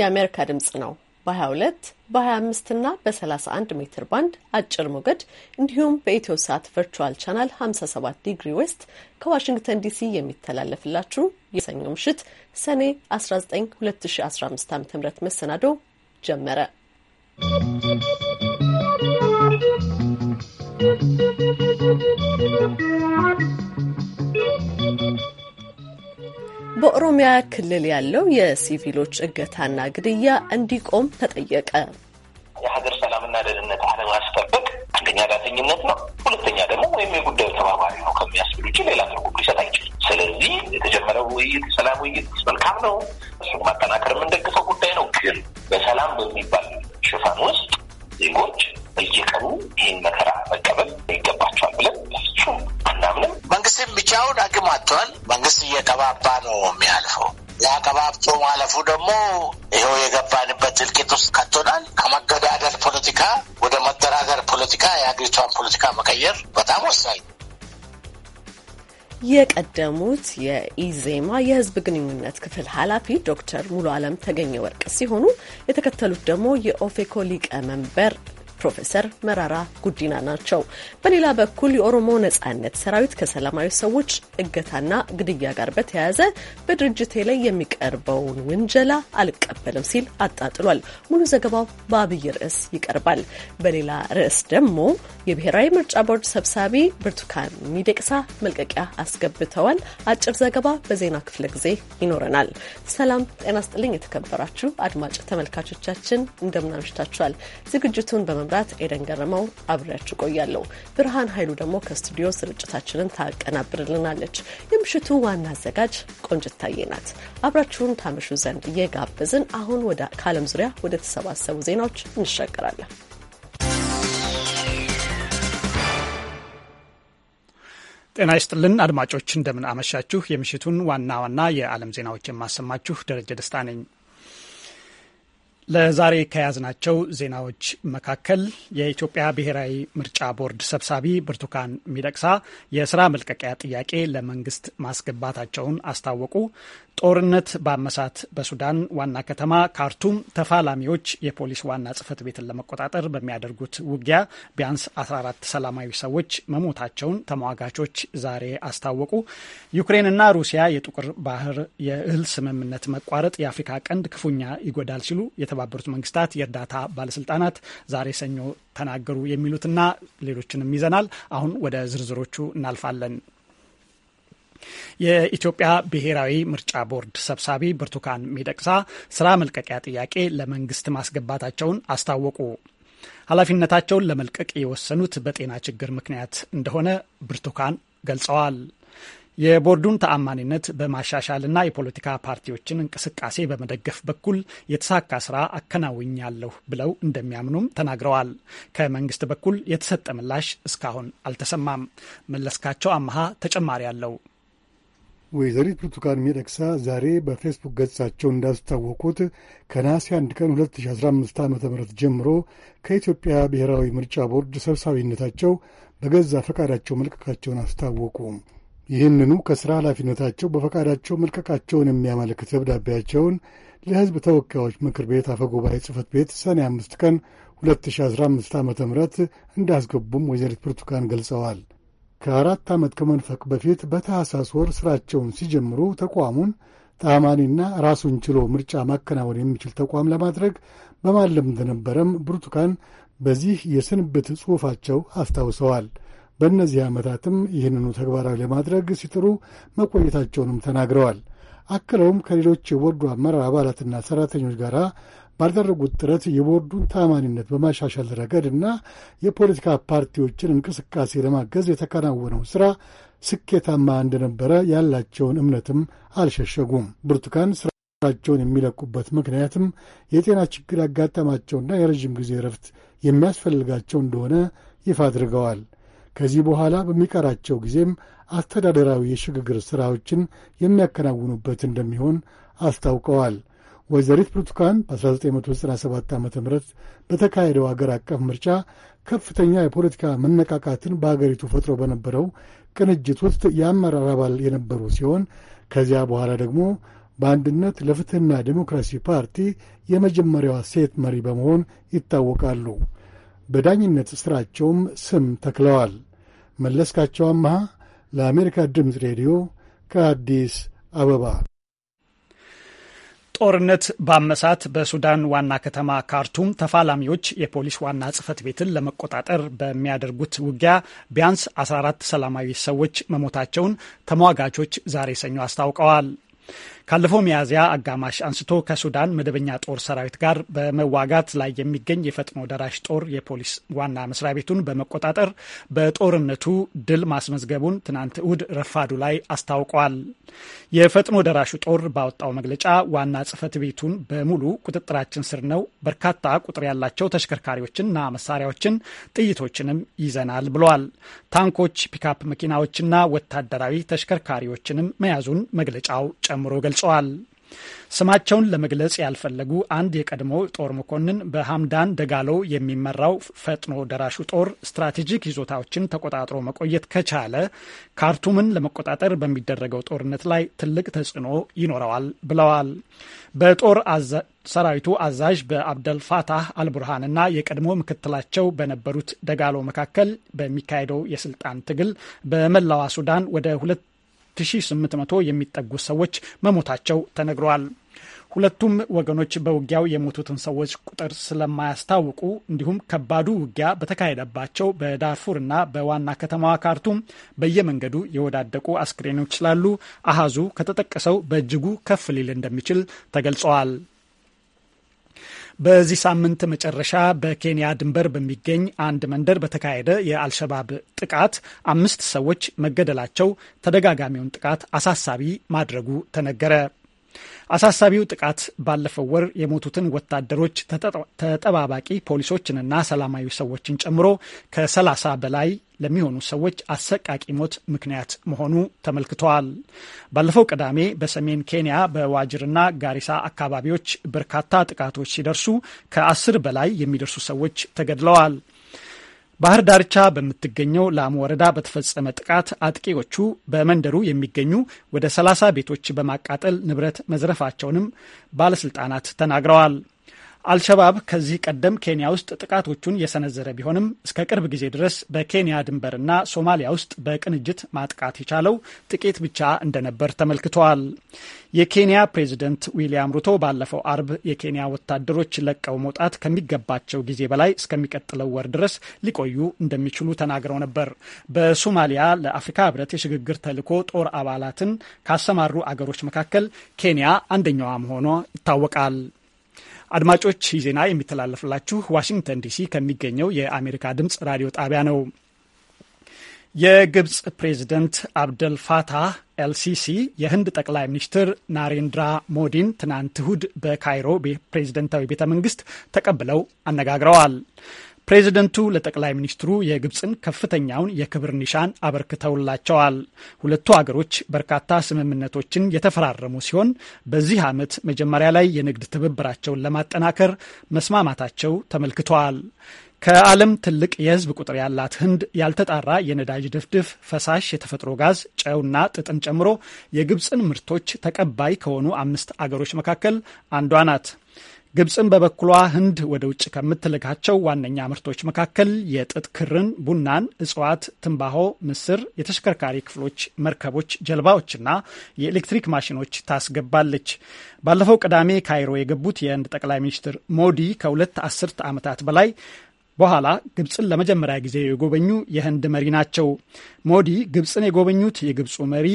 የአሜሪካ ድምጽ ነው። በ22 በ25 እና በ31 ሜትር ባንድ አጭር ሞገድ እንዲሁም በኢትዮ ሳት ቨርቹዋል ቻናል 57 ዲግሪ ዌስት ከዋሽንግተን ዲሲ የሚተላለፍላችሁ የሰኞ ምሽት ሰኔ 19 2015 ዓ ም መሰናዶ ጀመረ። ¶¶ በኦሮሚያ ክልል ያለው የሲቪሎች እገታና ግድያ እንዲቆም ተጠየቀ። የሀገር ሰላምና ደህንነት አለማስጠበቅ አንደኛ ዳተኝነት ነው፣ ሁለተኛ ደግሞ ወይም የጉዳዩ ተባባሪ ነው ከሚያስብል ውጭ ሌላ ትርጉም ሊሰጥ አይችልም። ስለዚህ የተጀመረው ውይይት ሰላም ውይይት መልካም ነው፣ እሱ ማጠናከር የምንደግፈው ጉዳይ ነው። ግን በሰላም በሚባል ሽፋን ውስጥ ዜጎች በየቀኑ ይህን መከራ መቀበል ይገባቸዋል ብለን ፍጹም አናምንም። መንግስትም ብቻውን አቅም አጥቷል። መንግስት እየቀባባ ነው የሚያልፈው። ያቀባብቶ ማለፉ ደግሞ ይኸው የገባንበት እልቂት ውስጥ ከቶናል። ከመገዳደር ፖለቲካ ወደ መደራደር ፖለቲካ የሀገሪቷን ፖለቲካ መቀየር በጣም ወሳኝ የቀደሙት የኢዜማ የህዝብ ግንኙነት ክፍል ኃላፊ ዶክተር ሙሉ አለም ተገኘ ወርቅ ሲሆኑ የተከተሉት ደግሞ የኦፌኮ ሊቀመንበር ፕሮፌሰር መራራ ጉዲና ናቸው። በሌላ በኩል የኦሮሞ ነጻነት ሰራዊት ከሰላማዊ ሰዎች እገታና ግድያ ጋር በተያያዘ በድርጅቴ ላይ የሚቀርበውን ውንጀላ አልቀበልም ሲል አጣጥሏል። ሙሉ ዘገባው በአብይ ርዕስ ይቀርባል። በሌላ ርዕስ ደግሞ የብሔራዊ ምርጫ ቦርድ ሰብሳቢ ብርቱካን ሚደቅሳ መልቀቂያ አስገብተዋል። አጭር ዘገባ በዜና ክፍለ ጊዜ ይኖረናል። ሰላም ጤና ስጥልኝ። የተከበራችሁ አድማጭ ተመልካቾቻችን እንደምናምሽታችኋል። ዝግጅቱን በመምራት በመምራት ኤደን ገረመው አብሬያችሁ ቆያለሁ። ብርሃን ኃይሉ ደግሞ ከስቱዲዮ ስርጭታችንን ታቀናብርልናለች። የምሽቱ ዋና አዘጋጅ ቆንጅት ታዬ ናት። አብራችሁን ታመሹ ዘንድ እየጋበዝን አሁን ከዓለም ዙሪያ ወደ ተሰባሰቡ ዜናዎች እንሻገራለን። ጤና ይስጥልን አድማጮች፣ እንደምን አመሻችሁ። የምሽቱን ዋና ዋና የዓለም ዜናዎች የማሰማችሁ ደረጀ ደስታ ነኝ። ለዛሬ ከያዝናቸው ዜናዎች መካከል የኢትዮጵያ ብሔራዊ ምርጫ ቦርድ ሰብሳቢ ብርቱካን ሚደቅሳ የስራ መልቀቂያ ጥያቄ ለመንግስት ማስገባታቸውን አስታወቁ። ጦርነት በመሳት በሱዳን ዋና ከተማ ካርቱም ተፋላሚዎች የፖሊስ ዋና ጽህፈት ቤትን ለመቆጣጠር በሚያደርጉት ውጊያ ቢያንስ 14 ሰላማዊ ሰዎች መሞታቸውን ተሟጋቾች ዛሬ አስታወቁ። ዩክሬንና ሩሲያ የጥቁር ባህር የእህል ስምምነት መቋረጥ የአፍሪካ ቀንድ ክፉኛ ይጎዳል ሲሉ የተባበሩት መንግስታት የእርዳታ ባለስልጣናት ዛሬ ሰኞ ተናገሩ። የሚሉትና ሌሎችንም ይዘናል። አሁን ወደ ዝርዝሮቹ እናልፋለን። የኢትዮጵያ ብሔራዊ ምርጫ ቦርድ ሰብሳቢ ብርቱካን ሚደቅሳ ስራ መልቀቂያ ጥያቄ ለመንግስት ማስገባታቸውን አስታወቁ። ኃላፊነታቸውን ለመልቀቅ የወሰኑት በጤና ችግር ምክንያት እንደሆነ ብርቱካን ገልጸዋል። የቦርዱን ተአማኒነት በማሻሻልና የፖለቲካ ፓርቲዎችን እንቅስቃሴ በመደገፍ በኩል የተሳካ ስራ አከናውኛለሁ ብለው እንደሚያምኑም ተናግረዋል። ከመንግስት በኩል የተሰጠ ምላሽ እስካሁን አልተሰማም። መለስካቸው አመሃ ተጨማሪ አለው። ወይዘሪት ብርቱካን ሚደቅሳ ዛሬ በፌስቡክ ገጻቸው እንዳስታወቁት ከነሐሴ 1 ቀን 2015 ዓ ም ጀምሮ ከኢትዮጵያ ብሔራዊ ምርጫ ቦርድ ሰብሳቢነታቸው በገዛ ፈቃዳቸው መልቀቃቸውን አስታወቁ። ይህንኑ ከሥራ ኃላፊነታቸው በፈቃዳቸው መልቀቃቸውን የሚያመለክት ደብዳቤያቸውን ለሕዝብ ተወካዮች ምክር ቤት አፈጉባኤ ጽህፈት ቤት ሰኔ 5 ቀን 2015 ዓ ም እንዳስገቡም ወይዘሪት ብርቱካን ገልጸዋል። ከአራት ዓመት ከመንፈቅ በፊት በታህሳስ ወር ሥራቸውን ሲጀምሩ ተቋሙን ተአማኒና ራሱን ችሎ ምርጫ ማከናወን የሚችል ተቋም ለማድረግ በማለም እንደነበረም ብርቱካን በዚህ የስንብት ጽሑፋቸው አስታውሰዋል። በእነዚህ ዓመታትም ይህንኑ ተግባራዊ ለማድረግ ሲጥሩ መቆየታቸውንም ተናግረዋል። አክለውም ከሌሎች የቦርዱ አመራር አባላትና ሠራተኞች ጋር ባደረጉት ጥረት የቦርዱን ታማኒነት በማሻሻል እና የፖለቲካ ፓርቲዎችን እንቅስቃሴ ለማገዝ የተከናወነው ስራ ስኬታማ እንደነበረ ያላቸውን እምነትም አልሸሸጉም። ብርቱካን ስራቸውን የሚለቁበት ምክንያትም የጤና ችግር ያጋጠማቸውና የረዥም ጊዜ ረፍት የሚያስፈልጋቸው እንደሆነ ይፋ አድርገዋል። ከዚህ በኋላ በሚቀራቸው ጊዜም አስተዳደራዊ የሽግግር ሥራዎችን የሚያከናውኑበት እንደሚሆን አስታውቀዋል። ወይዘሪት ብርቱካን በ1997 ዓ ም በተካሄደው አገር አቀፍ ምርጫ ከፍተኛ የፖለቲካ መነቃቃትን በአገሪቱ ፈጥሮ በነበረው ቅንጅት ውስጥ የአመራር አባል የነበሩ ሲሆን ከዚያ በኋላ ደግሞ በአንድነት ለፍትህና ዴሞክራሲ ፓርቲ የመጀመሪያዋ ሴት መሪ በመሆን ይታወቃሉ። በዳኝነት ሥራቸውም ስም ተክለዋል። መለስካቸው አመሃ ለአሜሪካ ድምፅ ሬዲዮ ከአዲስ አበባ ጦርነት ባመሳት በሱዳን ዋና ከተማ ካርቱም ተፋላሚዎች የፖሊስ ዋና ጽህፈት ቤትን ለመቆጣጠር በሚያደርጉት ውጊያ ቢያንስ 14 ሰላማዊ ሰዎች መሞታቸውን ተሟጋቾች ዛሬ ሰኞ አስታውቀዋል። ካለፈው ሚያዝያ አጋማሽ አንስቶ ከሱዳን መደበኛ ጦር ሰራዊት ጋር በመዋጋት ላይ የሚገኝ የፈጥኖ ደራሽ ጦር የፖሊስ ዋና መስሪያ ቤቱን በመቆጣጠር በጦርነቱ ድል ማስመዝገቡን ትናንት እሁድ ረፋዱ ላይ አስታውቋል። የፈጥኖ ደራሹ ጦር ባወጣው መግለጫ ዋና ጽህፈት ቤቱን በሙሉ ቁጥጥራችን ስር ነው፣ በርካታ ቁጥር ያላቸው ተሽከርካሪዎችና መሳሪያዎችን ጥይቶችንም ይዘናል ብሏል። ታንኮች፣ ፒካፕ መኪናዎችና ወታደራዊ ተሽከርካሪዎችንም መያዙን መግለጫው ጨምሮ ገልጿል። ገልጸዋል። ስማቸውን ለመግለጽ ያልፈለጉ አንድ የቀድሞ ጦር መኮንን በሐምዳን ደጋሎ የሚመራው ፈጥኖ ደራሹ ጦር ስትራቴጂክ ይዞታዎችን ተቆጣጥሮ መቆየት ከቻለ ካርቱምን ለመቆጣጠር በሚደረገው ጦርነት ላይ ትልቅ ተጽዕኖ ይኖረዋል ብለዋል። በጦር ሰራዊቱ አዛዥ በአብደልፋታህ አልቡርሃንና የቀድሞ ምክትላቸው በነበሩት ደጋሎ መካከል በሚካሄደው የስልጣን ትግል በመላዋ ሱዳን ወደ ሁለት 2800 የሚጠጉ ሰዎች መሞታቸው ተነግረዋል። ሁለቱም ወገኖች በውጊያው የሞቱትን ሰዎች ቁጥር ስለማያስታውቁ እንዲሁም ከባዱ ውጊያ በተካሄደባቸው በዳርፉር እና በዋና ከተማዋ ካርቱም በየመንገዱ የወዳደቁ አስክሬኖች ስላሉ አሃዙ ከተጠቀሰው በእጅጉ ከፍ ሊል እንደሚችል ተገልጸዋል። በዚህ ሳምንት መጨረሻ በኬንያ ድንበር በሚገኝ አንድ መንደር በተካሄደ የአልሸባብ ጥቃት አምስት ሰዎች መገደላቸው ተደጋጋሚውን ጥቃት አሳሳቢ ማድረጉ ተነገረ። አሳሳቢው ጥቃት ባለፈው ወር የሞቱትን ወታደሮች ተጠባባቂ ፖሊሶችንና ሰላማዊ ሰዎችን ጨምሮ ከ30 በላይ ለሚሆኑ ሰዎች አሰቃቂ ሞት ምክንያት መሆኑ ተመልክተዋል። ባለፈው ቅዳሜ በሰሜን ኬንያ በዋጅርና ጋሪሳ አካባቢዎች በርካታ ጥቃቶች ሲደርሱ ከአስር በላይ የሚደርሱ ሰዎች ተገድለዋል። ባህር ዳርቻ በምትገኘው ላሙ ወረዳ በተፈጸመ ጥቃት አጥቂዎቹ በመንደሩ የሚገኙ ወደ ሰላሳ ቤቶች በማቃጠል ንብረት መዝረፋቸውንም ባለስልጣናት ተናግረዋል። አልሸባብ ከዚህ ቀደም ኬንያ ውስጥ ጥቃቶቹን የሰነዘረ ቢሆንም እስከ ቅርብ ጊዜ ድረስ በኬንያ ድንበርና ሶማሊያ ውስጥ በቅንጅት ማጥቃት የቻለው ጥቂት ብቻ እንደነበር ተመልክተዋል። የኬንያ ፕሬዚደንት ዊሊያም ሩቶ ባለፈው አርብ የኬንያ ወታደሮች ለቀው መውጣት ከሚገባቸው ጊዜ በላይ እስከሚቀጥለው ወር ድረስ ሊቆዩ እንደሚችሉ ተናግረው ነበር። በሶማሊያ ለአፍሪካ ህብረት የሽግግር ተልዕኮ ጦር አባላትን ካሰማሩ አገሮች መካከል ኬንያ አንደኛዋ መሆኗ ይታወቃል። አድማጮች ይህ ዜና የሚተላለፍላችሁ ዋሽንግተን ዲሲ ከሚገኘው የአሜሪካ ድምፅ ራዲዮ ጣቢያ ነው። የግብፅ ፕሬዚደንት አብደል ፋታህ ኤልሲሲ የህንድ ጠቅላይ ሚኒስትር ናሬንድራ ሞዲን ትናንት እሁድ በካይሮ ፕሬዚደንታዊ ቤተ መንግስት ተቀብለው አነጋግረዋል። ፕሬዚደንቱ ለጠቅላይ ሚኒስትሩ የግብፅን ከፍተኛውን የክብር ኒሻን አበርክተውላቸዋል። ሁለቱ አገሮች በርካታ ስምምነቶችን የተፈራረሙ ሲሆን በዚህ ዓመት መጀመሪያ ላይ የንግድ ትብብራቸውን ለማጠናከር መስማማታቸው ተመልክተዋል። ከዓለም ትልቅ የሕዝብ ቁጥር ያላት ህንድ ያልተጣራ የነዳጅ ድፍድፍ፣ ፈሳሽ የተፈጥሮ ጋዝ፣ ጨውና ጥጥን ጨምሮ የግብፅን ምርቶች ተቀባይ ከሆኑ አምስት አገሮች መካከል አንዷ ናት። ግብፅም በበኩሏ ህንድ ወደ ውጭ ከምትልካቸው ዋነኛ ምርቶች መካከል የጥጥ ክርን፣ ቡናን፣ እጽዋት፣ ትንባሆ፣ ምስር፣ የተሽከርካሪ ክፍሎች፣ መርከቦች፣ ጀልባዎችና የኤሌክትሪክ ማሽኖች ታስገባለች። ባለፈው ቅዳሜ ካይሮ የገቡት የህንድ ጠቅላይ ሚኒስትር ሞዲ ከሁለት አስርት ዓመታት በላይ በኋላ ግብፅን ለመጀመሪያ ጊዜ የጎበኙ የህንድ መሪ ናቸው። ሞዲ ግብፅን የጎበኙት የግብፁ መሪ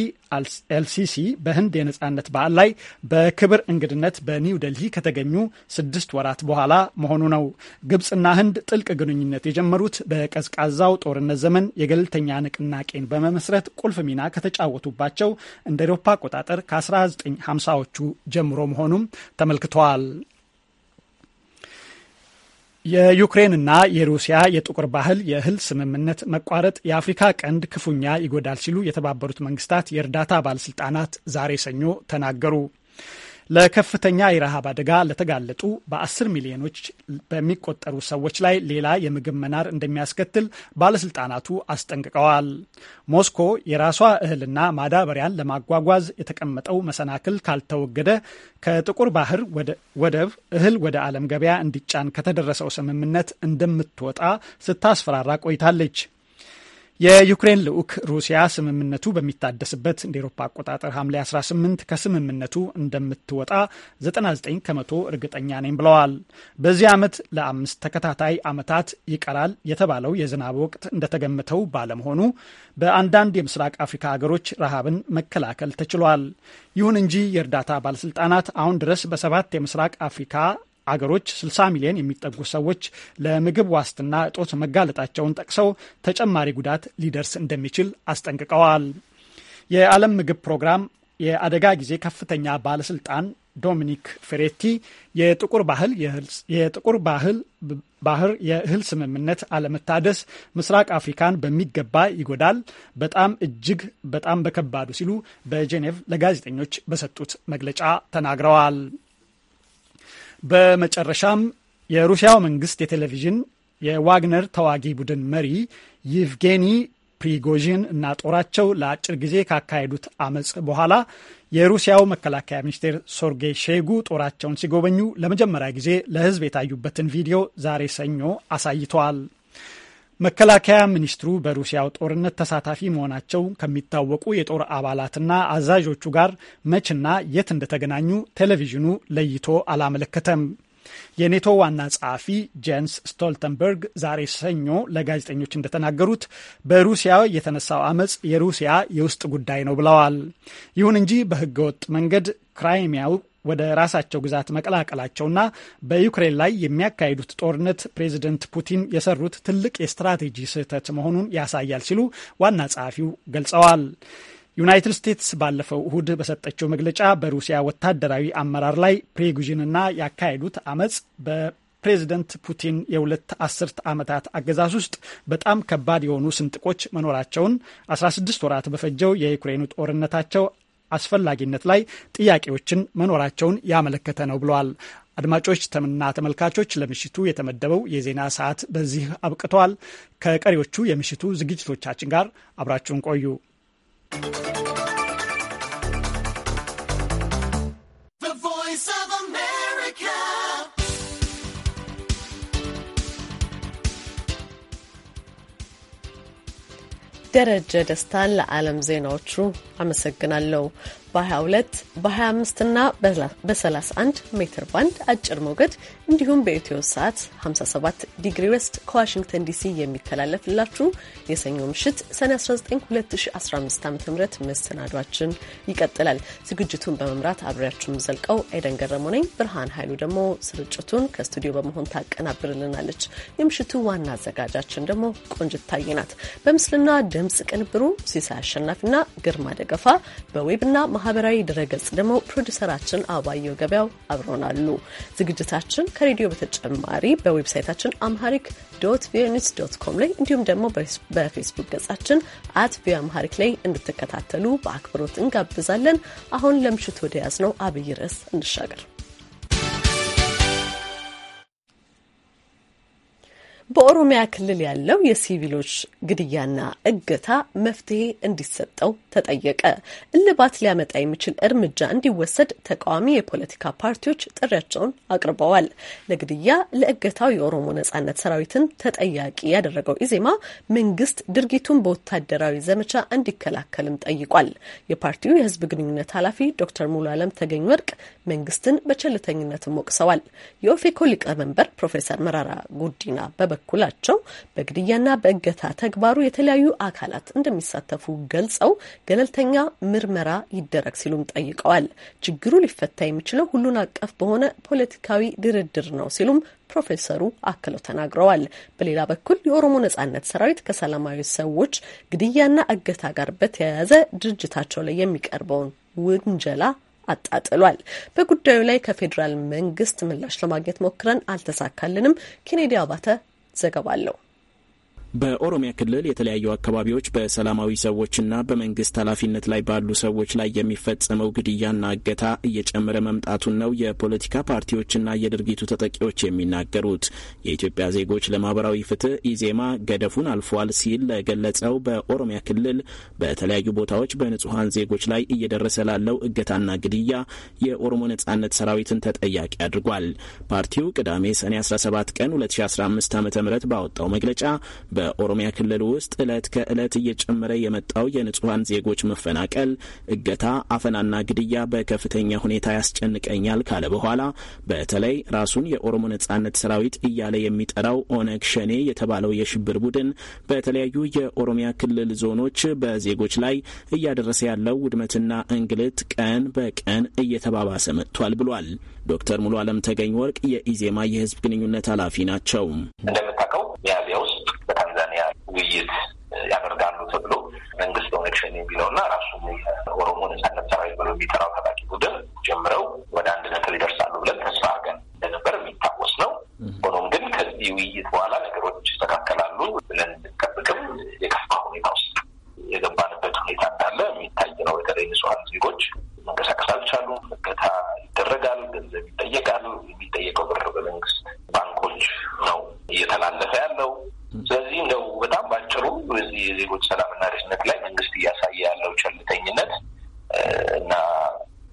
ኤልሲሲ በህንድ የነፃነት በዓል ላይ በክብር እንግድነት በኒው ደልሂ ከተገኙ ስድስት ወራት በኋላ መሆኑ ነው። ግብፅና ህንድ ጥልቅ ግንኙነት የጀመሩት በቀዝቃዛው ጦርነት ዘመን የገለልተኛ ንቅናቄን በመመስረት ቁልፍ ሚና ከተጫወቱባቸው እንደ አውሮፓ አቆጣጠር ከ1950ዎቹ ጀምሮ መሆኑም ተመልክተዋል። የዩክሬንና የሩሲያ የጥቁር ባህል የእህል ስምምነት መቋረጥ የአፍሪካ ቀንድ ክፉኛ ይጎዳል ሲሉ የተባበሩት መንግስታት የእርዳታ ባለስልጣናት ዛሬ ሰኞ ተናገሩ። ለከፍተኛ የረሃብ አደጋ ለተጋለጡ በአስር ሚሊዮኖች በሚቆጠሩ ሰዎች ላይ ሌላ የምግብ መናር እንደሚያስከትል ባለስልጣናቱ አስጠንቅቀዋል። ሞስኮ የራሷ እህልና ማዳበሪያን ለማጓጓዝ የተቀመጠው መሰናክል ካልተወገደ ከጥቁር ባህር ወደብ እህል ወደ ዓለም ገበያ እንዲጫን ከተደረሰው ስምምነት እንደምትወጣ ስታስፈራራ ቆይታለች። የዩክሬን ልዑክ ሩሲያ ስምምነቱ በሚታደስበት እንደ ኤሮፓ አቆጣጠር ሐምሌ 18 ከስምምነቱ እንደምትወጣ 99 ከመቶ እርግጠኛ ነኝ ብለዋል። በዚህ ዓመት ለአምስት ተከታታይ ዓመታት ይቀራል የተባለው የዝናብ ወቅት እንደተገመተው ባለመሆኑ በአንዳንድ የምስራቅ አፍሪካ ሀገሮች ረሃብን መከላከል ተችሏል። ይሁን እንጂ የእርዳታ ባለስልጣናት አሁን ድረስ በሰባት የምስራቅ አፍሪካ አገሮች 60 ሚሊዮን የሚጠጉ ሰዎች ለምግብ ዋስትና እጦት መጋለጣቸውን ጠቅሰው ተጨማሪ ጉዳት ሊደርስ እንደሚችል አስጠንቅቀዋል። የዓለም ምግብ ፕሮግራም የአደጋ ጊዜ ከፍተኛ ባለስልጣን ዶሚኒክ ፌሬቲ የጥቁር ባህል የጥቁር ባህል ባህር የእህል ስምምነት አለመታደስ ምስራቅ አፍሪካን በሚገባ ይጎዳል፣ በጣም እጅግ በጣም በከባዱ ሲሉ በጄኔቭ ለጋዜጠኞች በሰጡት መግለጫ ተናግረዋል። በመጨረሻም የሩሲያው መንግስት የቴሌቪዥን የዋግነር ተዋጊ ቡድን መሪ ይቭጌኒ ፕሪጎዥን እና ጦራቸው ለአጭር ጊዜ ካካሄዱት አመፅ በኋላ የሩሲያው መከላከያ ሚኒስቴር ሶርጌይ ሼጉ ጦራቸውን ሲጎበኙ ለመጀመሪያ ጊዜ ለሕዝብ የታዩበትን ቪዲዮ ዛሬ ሰኞ አሳይተዋል። መከላከያ ሚኒስትሩ በሩሲያው ጦርነት ተሳታፊ መሆናቸው ከሚታወቁ የጦር አባላትና አዛዦቹ ጋር መችና የት እንደተገናኙ ቴሌቪዥኑ ለይቶ አላመለከተም። የኔቶ ዋና ጸሐፊ ጄንስ ስቶልተንበርግ ዛሬ ሰኞ ለጋዜጠኞች እንደተናገሩት በሩሲያ የተነሳው አመፅ የሩሲያ የውስጥ ጉዳይ ነው ብለዋል። ይሁን እንጂ በህገወጥ መንገድ ክራይሚያው ወደ ራሳቸው ግዛት መቀላቀላቸውና በዩክሬን ላይ የሚያካሂዱት ጦርነት ፕሬዚደንት ፑቲን የሰሩት ትልቅ የስትራቴጂ ስህተት መሆኑን ያሳያል ሲሉ ዋና ጸሐፊው ገልጸዋል። ዩናይትድ ስቴትስ ባለፈው እሁድ በሰጠችው መግለጫ በሩሲያ ወታደራዊ አመራር ላይ ፕሬጉዥንና ያካሄዱት አመፅ ፕሬዚደንት ፑቲን የሁለት አስርት ዓመታት አገዛዝ ውስጥ በጣም ከባድ የሆኑ ስንጥቆች መኖራቸውን 16 ወራት በፈጀው የዩክሬኑ ጦርነታቸው አስፈላጊነት ላይ ጥያቄዎችን መኖራቸውን ያመለከተ ነው ብለዋል። አድማጮች ተምና ተመልካቾች ለምሽቱ የተመደበው የዜና ሰዓት በዚህ አብቅተዋል። ከቀሪዎቹ የምሽቱ ዝግጅቶቻችን ጋር አብራችሁን ቆዩ። ደረጀ ደስታን ለዓለም ዜናዎቹ አመሰግናለሁ። በ22 በ25 እና በ31 ሜትር ባንድ አጭር ሞገድ እንዲሁም በኢትዮ ሰዓት 57 ዲግሪ ዌስት ከዋሽንግተን ዲሲ የሚተላለፍላችሁ የሰኞ ምሽት ሰኔ 19 2015 ዓ ም መሰናዷችን ይቀጥላል። ዝግጅቱን በመምራት አብሬያችሁ ዘልቀው ኤደን ገረሞ ነኝ። ብርሃን ኃይሉ ደግሞ ስርጭቱን ከስቱዲዮ በመሆን ታቀናብርልናለች። የምሽቱ ዋና አዘጋጃችን ደግሞ ቆንጅት ታየ በምስልና ድምፅ ቅንብሩ ሲሳይ አሸናፊና ግርማ ደገፋ በዌብና ማህበራዊ ድረገጽ ደግሞ ፕሮዲሰራችን አባየው ገበያው አብረናሉ ዝግጅታችን ከሬዲዮ በተጨማሪ በዌብሳይታችን አምሃሪክ ዶት ቪኦኤ ዶት ኮም ላይ እንዲሁም ደግሞ በፌስቡክ ገጻችን አት ቪ አምሃሪክ ላይ እንድትከታተሉ በአክብሮት እንጋብዛለን። አሁን ለምሽቱ ወደ ያዝነው አብይ ርዕስ እንሻገር። በኦሮሚያ ክልል ያለው የሲቪሎች ግድያና እገታ መፍትሄ እንዲሰጠው ተጠየቀ። እልባት ሊያመጣ የሚችል እርምጃ እንዲወሰድ ተቃዋሚ የፖለቲካ ፓርቲዎች ጥሪያቸውን አቅርበዋል። ለግድያ ለእገታው የኦሮሞ ነጻነት ሰራዊትን ተጠያቂ ያደረገው ኢዜማ መንግስት ድርጊቱን በወታደራዊ ዘመቻ እንዲከላከልም ጠይቋል። የፓርቲው የህዝብ ግንኙነት ኃላፊ ዶክተር ሙሉ አለም ተገኝ ወርቅ መንግስትን በቸልተኝነትም ወቅሰዋል። የኦፌኮ ሊቀመንበር ፕሮፌሰር መራራ ጉዲና በበ በበኩላቸው በግድያና በእገታ ተግባሩ የተለያዩ አካላት እንደሚሳተፉ ገልጸው ገለልተኛ ምርመራ ይደረግ ሲሉም ጠይቀዋል። ችግሩ ሊፈታ የሚችለው ሁሉን አቀፍ በሆነ ፖለቲካዊ ድርድር ነው ሲሉም ፕሮፌሰሩ አክለው ተናግረዋል። በሌላ በኩል የኦሮሞ ነጻነት ሰራዊት ከሰላማዊ ሰዎች ግድያና እገታ ጋር በተያያዘ ድርጅታቸው ላይ የሚቀርበውን ውንጀላ አጣጥሏል። በጉዳዩ ላይ ከፌዴራል መንግስት ምላሽ ለማግኘት ሞክረን አልተሳካልንም። ኬኔዲ አባተ ዘገባ አለው። በኦሮሚያ ክልል የተለያዩ አካባቢዎች በሰላማዊ ሰዎችና በመንግስት ኃላፊነት ላይ ባሉ ሰዎች ላይ የሚፈጸመው ግድያና እገታ እየጨመረ መምጣቱን ነው የፖለቲካ ፓርቲዎችና የድርጊቱ ተጠቂዎች የሚናገሩት። የኢትዮጵያ ዜጎች ለማህበራዊ ፍትህ ኢዜማ ገደፉን አልፏል ሲል ለገለጸው በኦሮሚያ ክልል በተለያዩ ቦታዎች በንጹሐን ዜጎች ላይ እየደረሰ ላለው እገታና ግድያ የኦሮሞ ነጻነት ሰራዊትን ተጠያቂ አድርጓል። ፓርቲው ቅዳሜ ሰኔ 17 ቀን 2015 ዓ ም ባወጣው መግለጫ በኦሮሚያ ክልል ውስጥ ዕለት ከዕለት እየጨመረ የመጣው የንጹሐን ዜጎች መፈናቀል፣ እገታ፣ አፈናና ግድያ በከፍተኛ ሁኔታ ያስጨንቀኛል ካለ በኋላ በተለይ ራሱን የኦሮሞ ነጻነት ሰራዊት እያለ የሚጠራው ኦነግ ሸኔ የተባለው የሽብር ቡድን በተለያዩ የኦሮሚያ ክልል ዞኖች በዜጎች ላይ እያደረሰ ያለው ውድመትና እንግልት ቀን በቀን እየተባባሰ መጥቷል ብሏል። ዶክተር ሙሉ አለም ተገኝ ወርቅ የኢዜማ የህዝብ ግንኙነት ኃላፊ ናቸው። እንደምታውቀው ያደርጋሉ ተብሎ መንግስት ኦነግ ሸኔ የሚለውና ራሱ ኦሮሞ ነጻነት ሰራዊት ብሎ የሚጠራው ታጣቂ ቡድን ጀምረው ወደ አንድነት ይደርሳሉ ብለን ተስፋ አድርገን እንደነበር የሚታወስ ነው። ሆኖም ግን ከዚህ ውይይት በኋላ ነገሮች ይስተካከላሉ ብለን እንጠብቅም የከፋ ሁኔታ ውስጥ የገባንበት ሁኔታ እንዳለ የሚታይ ነው። በተለይ ንጹሐን ዜጎች መንቀሳቀስ አልቻሉም። እገታ ይደረጋል፣ ገንዘብ ይጠየቃል። የሚጠየቀው ብር በመንግስት ባንኮች ነው እየተላለፈ ያለው። ስለዚህ እንደው በጣም ባጭሩ በዚህ የዜጎች ሰላምና ደህንነት ላይ መንግስት እያሳየ ያለው ቸልተኝነት እና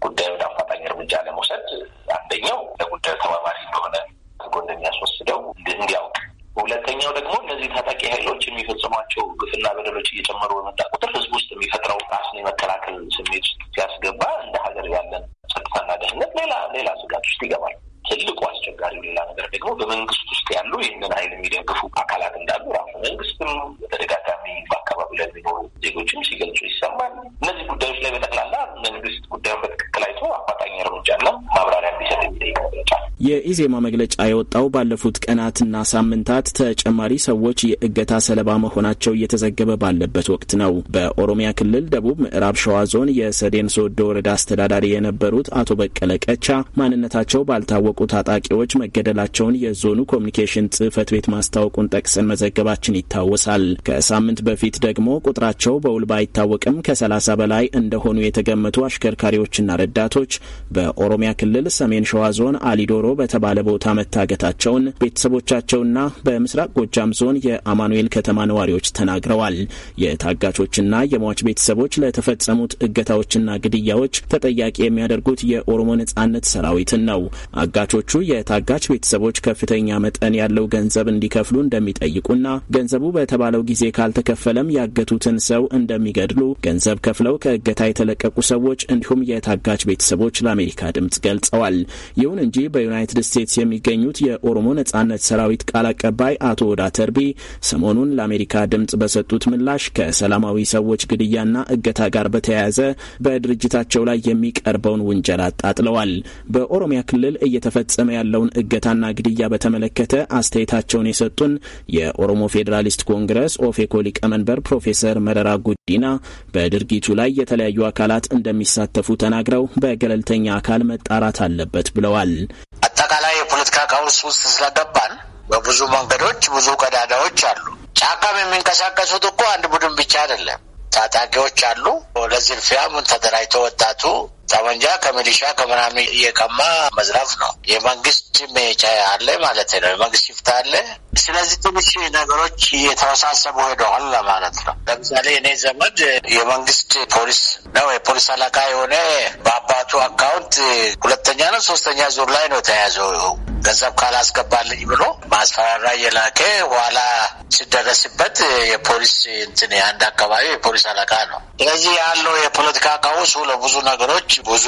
ጉዳዩን አፋጣኝ እርምጃ ለመውሰድ አንደኛው ለጉዳዩ ተባባሪ እንደሆነ ህጎ እንደሚያስወስደው እንዲያውቅ፣ ሁለተኛው ደግሞ እነዚህ ታጣቂ ኃይሎች የሚፈጽሟቸው ግፍና በደሎች እየጨመሩ በመጣ ቁጥር ህዝብ ውስጥ የሚፈጥረው ራስን የመከላከል ስሜት ሲያስገባ እንደ ሀገር ያለን ጸጥታና ደህንነት ሌላ ሌላ ስጋት ውስጥ ይገባል። ትልቁ አስቸጋሪው ሌላ ነገር ደግሞ በመንግስት ውስጥ ያሉ ይህንን ኃይል የሚደግፉ አካላት እንዳሉ ራሱ መንግስትም በተደጋጋሚ በአካባቢ ላይ የሚኖሩ ዜጎችም ሲገልጹ ይሰማል። የኢዜማ መግለጫ የወጣው ባለፉት ቀናትና ሳምንታት ተጨማሪ ሰዎች የእገታ ሰለባ መሆናቸው እየተዘገበ ባለበት ወቅት ነው። በኦሮሚያ ክልል ደቡብ ምዕራብ ሸዋ ዞን የሰዴን ሶዶ ወረዳ አስተዳዳሪ የነበሩት አቶ በቀለ ቀቻ ማንነታቸው ባልታወቁ ታጣቂዎች መገደላቸውን የዞኑ ኮሚኒኬሽን ጽህፈት ቤት ማስታወቁን ጠቅሰን መዘገባችን ይታወሳል። ከሳምንት በፊት ደግሞ ቁጥራቸው በውል ባይታወቅም ከ30 በላይ እንደሆኑ የተገመቱ አሽከርካሪዎችና ረዳቶች በኦሮሚያ ክልል ሰሜን ሸዋ ዞን አሊዶሮ በተባለ ቦታ መታገታቸውን ቤተሰቦቻቸውና በምስራቅ ጎጃም ዞን የአማኑኤል ከተማ ነዋሪዎች ተናግረዋል። የታጋቾችና የሟች ቤተሰቦች ለተፈጸሙት እገታዎችና ግድያዎች ተጠያቂ የሚያደርጉት የኦሮሞ ነጻነት ሰራዊትን ነው። አጋቾቹ የታጋች ቤተሰቦች ከፍተኛ መጠን ያለው ገንዘብ እንዲከፍሉ እንደሚጠይቁና ገንዘቡ በተባለው ጊዜ ካልተከፈለም ያገቱትን ሰው እንደሚገድሉ ገንዘብ ከፍለው ከእገታ የተለቀቁ ሰዎች እንዲሁም የታጋች ቤተሰቦች ለአሜሪካ ድምጽ ገልጸዋል። ይሁን እንጂ በዩናይትድ ዩናይትድ ስቴትስ የሚገኙት የኦሮሞ ነጻነት ሰራዊት ቃል አቀባይ አቶ ወዳ ተርቢ ሰሞኑን ለአሜሪካ ድምጽ በሰጡት ምላሽ ከሰላማዊ ሰዎች ግድያና እገታ ጋር በተያያዘ በድርጅታቸው ላይ የሚቀርበውን ውንጀላ አጣጥለዋል። በኦሮሚያ ክልል እየተፈጸመ ያለውን እገታና ግድያ በተመለከተ አስተያየታቸውን የሰጡን የኦሮሞ ፌዴራሊስት ኮንግረስ ኦፌኮ ሊቀመንበር ፕሮፌሰር መረራ ጉዲና በድርጊቱ ላይ የተለያዩ አካላት እንደሚሳተፉ ተናግረው በገለልተኛ አካል መጣራት አለበት ብለዋል። የፖለቲካ ቀውስ ውስጥ ስለገባን በብዙ መንገዶች ብዙ ቀዳዳዎች አሉ። ጫካም የሚንቀሳቀሱት እኮ አንድ ቡድን ብቻ አይደለም። ታጣቂዎች አሉ። ለዝርፊያም ተደራጅቶ ወጣቱ ጠመንጃ ከሚሊሻ ከምናምን እየቀማ መዝረፍ ነው። የመንግስት መጫ አለ ማለት ነው። የመንግስት ሽፍታ አለ። ስለዚህ ትንሽ ነገሮች እየተወሳሰቡ ሄደዋል ለማለት ነው። ለምሳሌ እኔ ዘመድ የመንግስት ፖሊስ ነው፣ የፖሊስ አለቃ የሆነ በአባቱ አካውንት ሁለተኛ ነው ሶስተኛ ዙር ላይ ነው የተያዘው ገንዘብ ካላስገባልኝ ብሎ ማስፈራራ የላከ ኋላ ሲደረስበት የፖሊስ እንትን አንድ አካባቢ የፖሊስ አለቃ ነው። ስለዚህ ያለው የፖለቲካ ቀውሱ ለብዙ ነገሮች ብዙ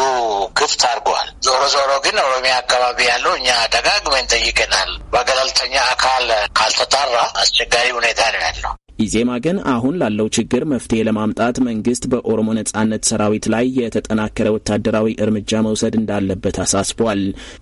ክፍት አድርጓል። ዞሮ ዞሮ ግን ኦሮሚያ አካባቢ ያለው እኛ ደጋግመን ጠይቀናል። በገለልተኛ አካል ካልተጣራ አስቸጋሪ ሁኔታ ነው ያለው። ኢዜማ ግን አሁን ላለው ችግር መፍትሄ ለማምጣት መንግስት በኦሮሞ ነጻነት ሰራዊት ላይ የተጠናከረ ወታደራዊ እርምጃ መውሰድ እንዳለበት አሳስቧል።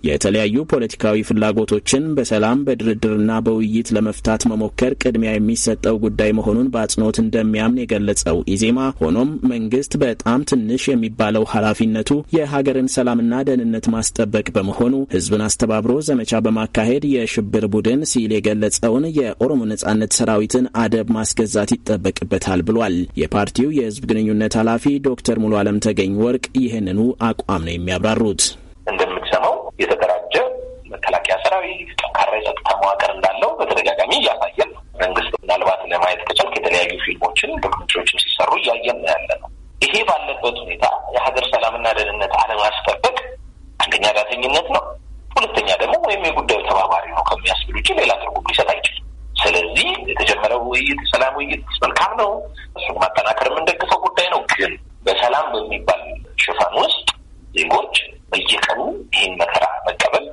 የተለያዩ ፖለቲካዊ ፍላጎቶችን በሰላም በድርድርና በውይይት ለመፍታት መሞከር ቅድሚያ የሚሰጠው ጉዳይ መሆኑን በአጽንኦት እንደሚያምን የገለጸው ኢዜማ ሆኖም መንግስት በጣም ትንሽ የሚባለው ኃላፊነቱ የሀገርን ሰላምና ደህንነት ማስጠበቅ በመሆኑ ህዝብን አስተባብሮ ዘመቻ በማካሄድ የሽብር ቡድን ሲል የገለጸውን የኦሮሞ ነጻነት ሰራዊትን አደብ ማስገዛት ይጠበቅበታል ብሏል። የፓርቲው የህዝብ ግንኙነት ኃላፊ ዶክተር ሙሉ አለም ተገኝ ወርቅ ይህንኑ አቋም ነው የሚያብራሩት። እንደምትሰማው የተደራጀ መከላከያ ሰራዊት፣ ጠንካራ የጸጥታ መዋቅር እንዳለው በተደጋጋሚ እያሳየን ነው። መንግስት ምናልባት ለማየት ከቻልክ የተለያዩ ፊልሞችን፣ ዶክመንትሪዎችን ሲሰሩ እያየን ነው ያለ ነው። ይሄ ባለበት ሁኔታ የሀገር ሰላምና ደህንነት አለማስጠበቅ አንደኛ ዳተኝነት ነው፣ ሁለተኛ ደግሞ ወይም የጉዳዩ ተባባሪ ነው ከሚያስብል ውጭ ሌላ ትርጉም ሊሰጥ አይችልም። ስለዚህ የተጀመረው ውይይት ሰላም ውይይት መልካም ነው። እሱ ማጠናከር የምንደግፈው ጉዳይ ነው። ግን በሰላም በሚባል ሽፋን ውስጥ ዜጎች በየቀኑ ይህን መከራ መቀበል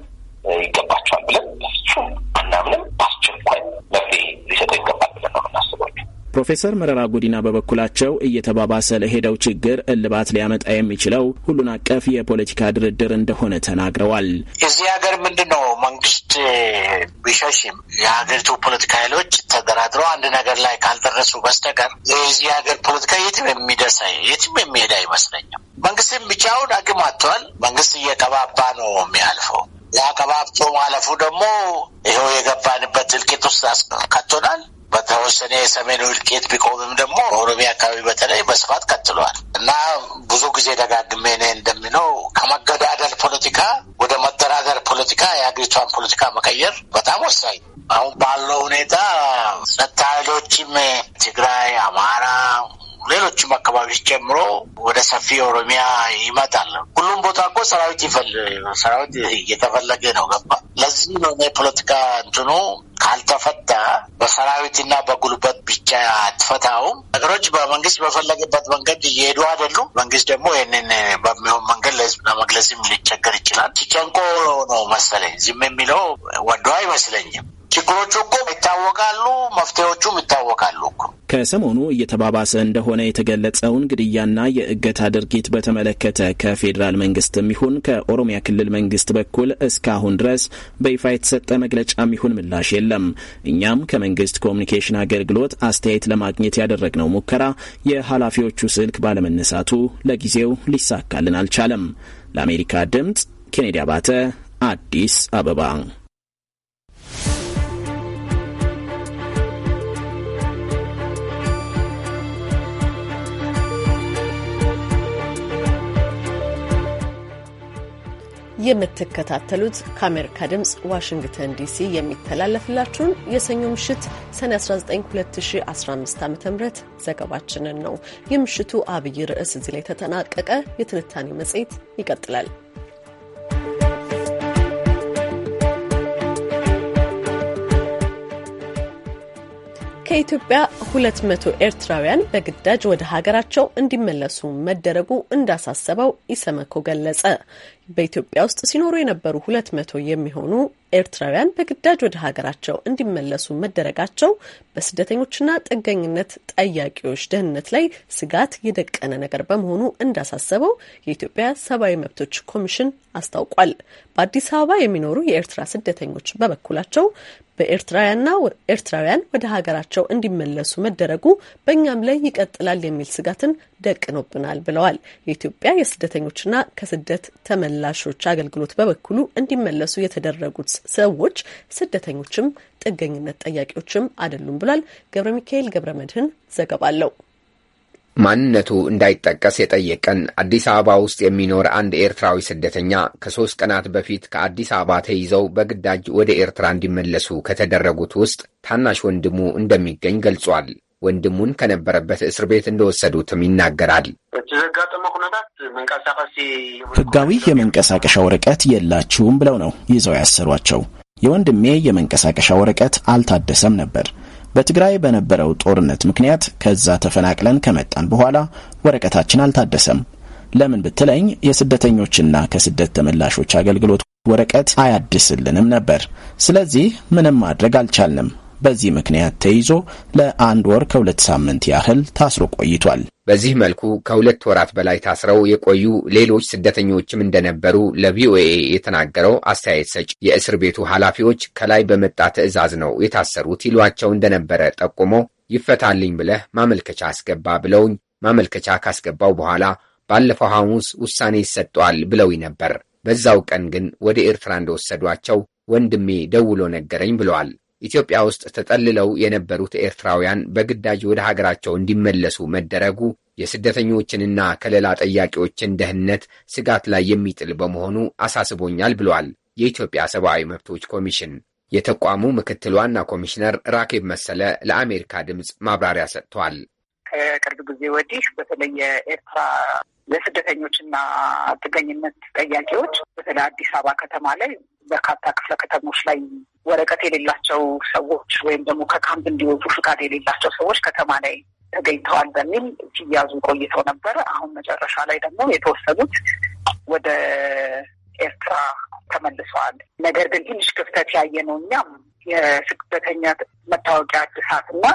ይገባቸዋል ብለን እሱም አናምንም። በአስቸኳይ መፍትሄ ሊሰጠው ይገባል ብለን ነው የምናስበው። ፕሮፌሰር መረራ ጉዲና በበኩላቸው እየተባባሰ ለሄደው ችግር እልባት ሊያመጣ የሚችለው ሁሉን አቀፍ የፖለቲካ ድርድር እንደሆነ ተናግረዋል። እዚህ ሀገር ምንድን ነው መንግስት ቢሸሽም የሀገሪቱ ፖለቲካ ኃይሎች ተደራድረው አንድ ነገር ላይ ካልደረሱ በስተቀር የዚህ ሀገር ፖለቲካ የትም የሚደርስ የትም የሚሄድ አይመስለኝም። መንግስትም ብቻውን አቅም አጥቷል። መንግስት እየቀባባ ነው የሚያልፈው ያቀባብቶ ማለፉ ደግሞ ይኸው የገባንበት እልቂት ውስጥ አስከቶናል። በተወሰነ የሰሜን እልቂት ቢቆምም ደግሞ ኦሮሚያ አካባቢ በተለይ በስፋት ቀጥሏል እና ብዙ ጊዜ ደጋግሜ እኔ እንደሚለው ከመገዳደል ፖለቲካ ወደ መደራደር ፖለቲካ የአገሪቷን ፖለቲካ መቀየር በጣም ወሳኝ። አሁን ባለው ሁኔታ ጸጥታ ኃይሎችም ትግራይ፣ አማራ ሌሎችም አካባቢዎች ጨምሮ ወደ ሰፊ ኦሮሚያ ይመጣል። ሁሉም ቦታ እኮ ሰራዊት ይፈል ሰራዊት እየተፈለገ ነው ገባ። ለዚህ ነው እኔ ፖለቲካ እንትኑ ካልተፈታ በሰራዊትና በጉልበት ብቻ አትፈታውም። ነገሮች በመንግስት በፈለገበት መንገድ እየሄዱ አይደሉም። መንግስት ደግሞ ይህንን በሚሆን መንገድ ለህዝብ ለመግለጽም ሊቸገር ይችላል። ጨንቆ ነው መሰለኝ ዝም የሚለው ወዶ አይመስለኝም። ችግሮቹ እኮ ይታወቃሉ፣ መፍትሄዎቹም ይታወቃሉ እኮ። ከሰሞኑ እየተባባሰ እንደሆነ የተገለጸውን ግድያና የእገታ ድርጊት በተመለከተ ከፌዴራል መንግስትም ይሁን ከኦሮሚያ ክልል መንግስት በኩል እስካሁን ድረስ በይፋ የተሰጠ መግለጫም ይሁን ምላሽ የለም። አይደለም። እኛም ከመንግስት ኮሚኒኬሽን አገልግሎት አስተያየት ለማግኘት ያደረግነው ሙከራ የኃላፊዎቹ ስልክ ባለመነሳቱ ለጊዜው ሊሳካልን አልቻለም። ለአሜሪካ ድምፅ ኬኔዲ አባተ አዲስ አበባ የምትከታተሉት ከአሜሪካ ድምፅ ዋሽንግተን ዲሲ የሚተላለፍላችሁን የሰኞ ምሽት ሰኔ 19 2015 ዓ ም ዘገባችንን ነው። የምሽቱ አብይ ርዕስ እዚህ ላይ ተጠናቀቀ። የትንታኔ መጽሔት ይቀጥላል። ከኢትዮጵያ ሁለት መቶ ኤርትራውያን በግዳጅ ወደ ሀገራቸው እንዲመለሱ መደረጉ እንዳሳሰበው ኢሰመኮ ገለጸ። በኢትዮጵያ ውስጥ ሲኖሩ የነበሩ ሁለት መቶ የሚሆኑ ኤርትራውያን በግዳጅ ወደ ሀገራቸው እንዲመለሱ መደረጋቸው በስደተኞችና ጥገኝነት ጠያቂዎች ደህንነት ላይ ስጋት የደቀነ ነገር በመሆኑ እንዳሳሰበው የኢትዮጵያ ሰብአዊ መብቶች ኮሚሽን አስታውቋል። በአዲስ አበባ የሚኖሩ የኤርትራ ስደተኞች በበኩላቸው በኤርትራውያንና ኤርትራውያን ወደ ሀገራቸው እንዲመለሱ መደረጉ በእኛም ላይ ይቀጥላል የሚል ስጋትን ደቅኖብናል ብለዋል። የኢትዮጵያ የስደተኞችና ከስደት ተመላሾች አገልግሎት በበኩሉ እንዲመለሱ የተደረጉት ሰዎች ስደተኞችም ጥገኝነት ጠያቂዎችም አይደሉም ብሏል። ገብረ ሚካኤል ገብረ መድህን ዘገባ አለው። ማንነቱ እንዳይጠቀስ የጠየቀን አዲስ አበባ ውስጥ የሚኖር አንድ ኤርትራዊ ስደተኛ ከሶስት ቀናት በፊት ከአዲስ አበባ ተይዘው በግዳጅ ወደ ኤርትራ እንዲመለሱ ከተደረጉት ውስጥ ታናሽ ወንድሙ እንደሚገኝ ገልጿል። ወንድሙን ከነበረበት እስር ቤት እንደወሰዱትም ይናገራል። ህጋዊ የመንቀሳቀሻ ወረቀት የላችሁም ብለው ነው ይዘው ያሰሯቸው። የወንድሜ የመንቀሳቀሻ ወረቀት አልታደሰም ነበር። በትግራይ በነበረው ጦርነት ምክንያት ከዛ ተፈናቅለን ከመጣን በኋላ ወረቀታችን አልታደሰም። ለምን ብትለኝ የስደተኞችና ከስደት ተመላሾች አገልግሎት ወረቀት አያድስልንም ነበር። ስለዚህ ምንም ማድረግ አልቻልንም። በዚህ ምክንያት ተይዞ ለአንድ ወር ከሁለት ሳምንት ያህል ታስሮ ቆይቷል። በዚህ መልኩ ከሁለት ወራት በላይ ታስረው የቆዩ ሌሎች ስደተኞችም እንደነበሩ ለቪኦኤ የተናገረው አስተያየት ሰጭ የእስር ቤቱ ኃላፊዎች ከላይ በመጣ ትዕዛዝ ነው የታሰሩት ይሏቸው እንደነበረ ጠቁሞ ይፈታልኝ ብለህ ማመልከቻ አስገባ ብለውኝ ማመልከቻ ካስገባው በኋላ ባለፈው ሐሙስ ውሳኔ ይሰጠዋል ብለውኝ ነበር። በዛው ቀን ግን ወደ ኤርትራ እንደወሰዷቸው ወንድሜ ደውሎ ነገረኝ ብለዋል ኢትዮጵያ ውስጥ ተጠልለው የነበሩት ኤርትራውያን በግዳጅ ወደ ሀገራቸው እንዲመለሱ መደረጉ የስደተኞችንና ከሌላ ጠያቂዎችን ደህንነት ስጋት ላይ የሚጥል በመሆኑ አሳስቦኛል ብሏል የኢትዮጵያ ሰብአዊ መብቶች ኮሚሽን። የተቋሙ ምክትል ዋና ኮሚሽነር ራኬብ መሰለ ለአሜሪካ ድምፅ ማብራሪያ ሰጥቷል። ከቅርብ ጊዜ ወዲህ በተለይ የኤርትራ ለስደተኞችና ጥገኝነት ጠያቂዎች በተለይ አዲስ አበባ ከተማ ላይ በርካታ ክፍለ ከተሞች ላይ ወረቀት የሌላቸው ሰዎች ወይም ደግሞ ከካምፕ እንዲወጡ ፍቃድ የሌላቸው ሰዎች ከተማ ላይ ተገኝተዋል በሚል ሲያዙ ቆይተው ነበረ። አሁን መጨረሻ ላይ ደግሞ የተወሰኑት ወደ ኤርትራ ተመልሰዋል። ነገር ግን ትንሽ ክፍተት ያየ ነው እኛም የስደተኛ መታወቂያ እድሳት እና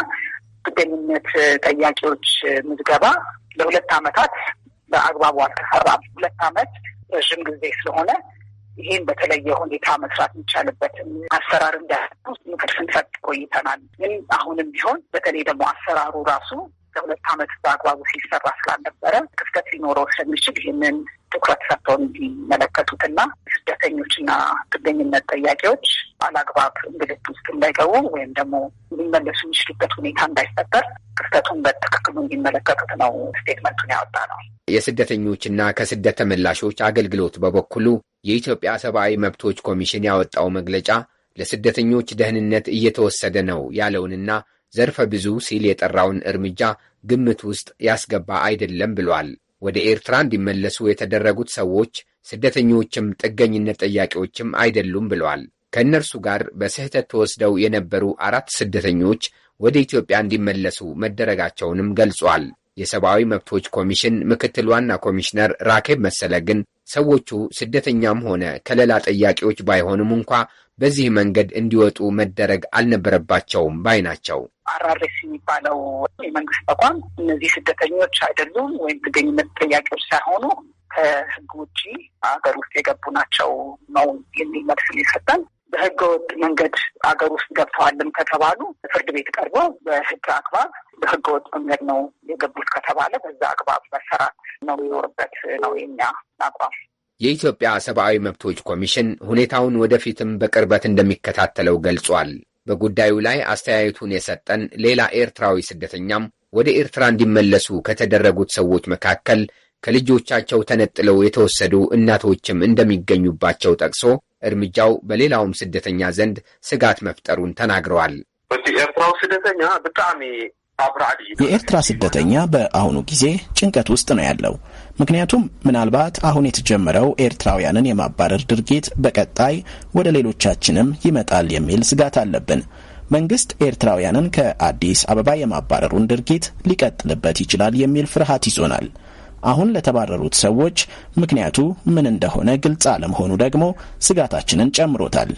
ጥገኝነት ጠያቂዎች ምዝገባ ለሁለት አመታት በአግባቡ አልተሰራም። ሁለት አመት ረዥም ጊዜ ስለሆነ ይህን በተለየ ሁኔታ መስራት የሚቻልበትን አሰራር እንዳያ ምክር ስንሰጥ ቆይተናል። ግን አሁንም ቢሆን በተለይ ደግሞ አሰራሩ ራሱ ከሁለት ዓመት በአግባቡ ሲሰራ ስላልነበረ ክፍተት ሊኖረው ስለሚችል ይህንን ትኩረት ሰጥተው እንዲመለከቱትና ስደተኞችና ጥገኝነት ጠያቂዎች አላግባብ እንግልት ውስጥ እንዳይገቡ ወይም ደግሞ ሊመለሱ የሚችሉበት ሁኔታ እንዳይፈጠር ክፍተቱን በትክክሉ እንዲመለከቱት ነው ስቴትመንቱን ያወጣ ነው። የስደተኞችና ከስደት ተመላሾች አገልግሎት በበኩሉ የኢትዮጵያ ሰብአዊ መብቶች ኮሚሽን ያወጣው መግለጫ ለስደተኞች ደህንነት እየተወሰደ ነው ያለውንና ዘርፈ ብዙ ሲል የጠራውን እርምጃ ግምት ውስጥ ያስገባ አይደለም ብሏል። ወደ ኤርትራ እንዲመለሱ የተደረጉት ሰዎች ስደተኞችም ጥገኝነት ጠያቂዎችም አይደሉም ብለዋል። ከእነርሱ ጋር በስህተት ተወስደው የነበሩ አራት ስደተኞች ወደ ኢትዮጵያ እንዲመለሱ መደረጋቸውንም ገልጿል። የሰብአዊ መብቶች ኮሚሽን ምክትል ዋና ኮሚሽነር ራኬብ መሰለ ግን ሰዎቹ ስደተኛም ሆነ ከለላ ጠያቂዎች ባይሆኑም እንኳ በዚህ መንገድ እንዲወጡ መደረግ አልነበረባቸውም ባይ ናቸው። አራሬስ የሚባለው የመንግስት ተቋም እነዚህ ስደተኞች አይደሉም ወይም ጥገኝነት ጠያቂዎች ሳይሆኑ ከህግ ውጭ ሀገር ውስጥ የገቡ ናቸው ነው የሚል መልስ ሊሰጠን በህገወጥ መንገድ አገር ውስጥ ገብተዋልም ከተባሉ ፍርድ ቤት ቀርበው በህግ አግባብ ወጥ መንገድ ነው የገቡት ከተባለ በዛ አግባብ መሰራት ነው ይኖርበት ነው የኛ አቋም። የኢትዮጵያ ሰብአዊ መብቶች ኮሚሽን ሁኔታውን ወደፊትም በቅርበት እንደሚከታተለው ገልጿል። በጉዳዩ ላይ አስተያየቱን የሰጠን ሌላ ኤርትራዊ ስደተኛም ወደ ኤርትራ እንዲመለሱ ከተደረጉት ሰዎች መካከል ከልጆቻቸው ተነጥለው የተወሰዱ እናቶችም እንደሚገኙባቸው ጠቅሶ እርምጃው በሌላውም ስደተኛ ዘንድ ስጋት መፍጠሩን ተናግረዋል። በቲ ስደተኛ ብጣዕሚ የኤርትራ ስደተኛ በአሁኑ ጊዜ ጭንቀት ውስጥ ነው ያለው። ምክንያቱም ምናልባት አሁን የተጀመረው ኤርትራውያንን የማባረር ድርጊት በቀጣይ ወደ ሌሎቻችንም ይመጣል የሚል ስጋት አለብን። መንግስት ኤርትራውያንን ከአዲስ አበባ የማባረሩን ድርጊት ሊቀጥልበት ይችላል የሚል ፍርሃት ይዞናል። አሁን ለተባረሩት ሰዎች ምክንያቱ ምን እንደሆነ ግልጽ አለመሆኑ ደግሞ ስጋታችንን ጨምሮታል።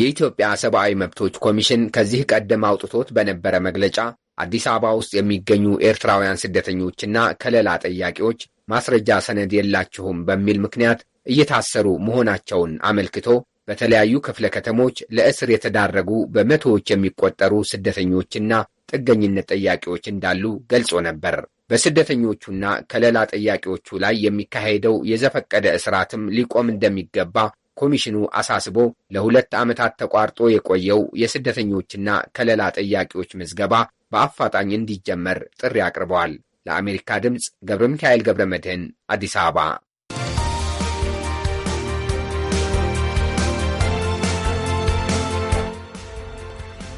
የኢትዮጵያ ሰብአዊ መብቶች ኮሚሽን ከዚህ ቀደም አውጥቶት በነበረ መግለጫ አዲስ አበባ ውስጥ የሚገኙ ኤርትራውያን ስደተኞችና ከለላ ጠያቂዎች ማስረጃ ሰነድ የላችሁም በሚል ምክንያት እየታሰሩ መሆናቸውን አመልክቶ በተለያዩ ክፍለ ከተሞች ለእስር የተዳረጉ በመቶዎች የሚቆጠሩ ስደተኞችና ጥገኝነት ጠያቂዎች እንዳሉ ገልጾ ነበር። በስደተኞቹና ከለላ ጠያቂዎቹ ላይ የሚካሄደው የዘፈቀደ እስራትም ሊቆም እንደሚገባ ኮሚሽኑ አሳስቦ ለሁለት ዓመታት ተቋርጦ የቆየው የስደተኞችና ከለላ ጠያቂዎች ምዝገባ በአፋጣኝ እንዲጀመር ጥሪ አቅርበዋል። ለአሜሪካ ድምፅ ገብረ ሚካኤል ገብረ መድህን አዲስ አበባ።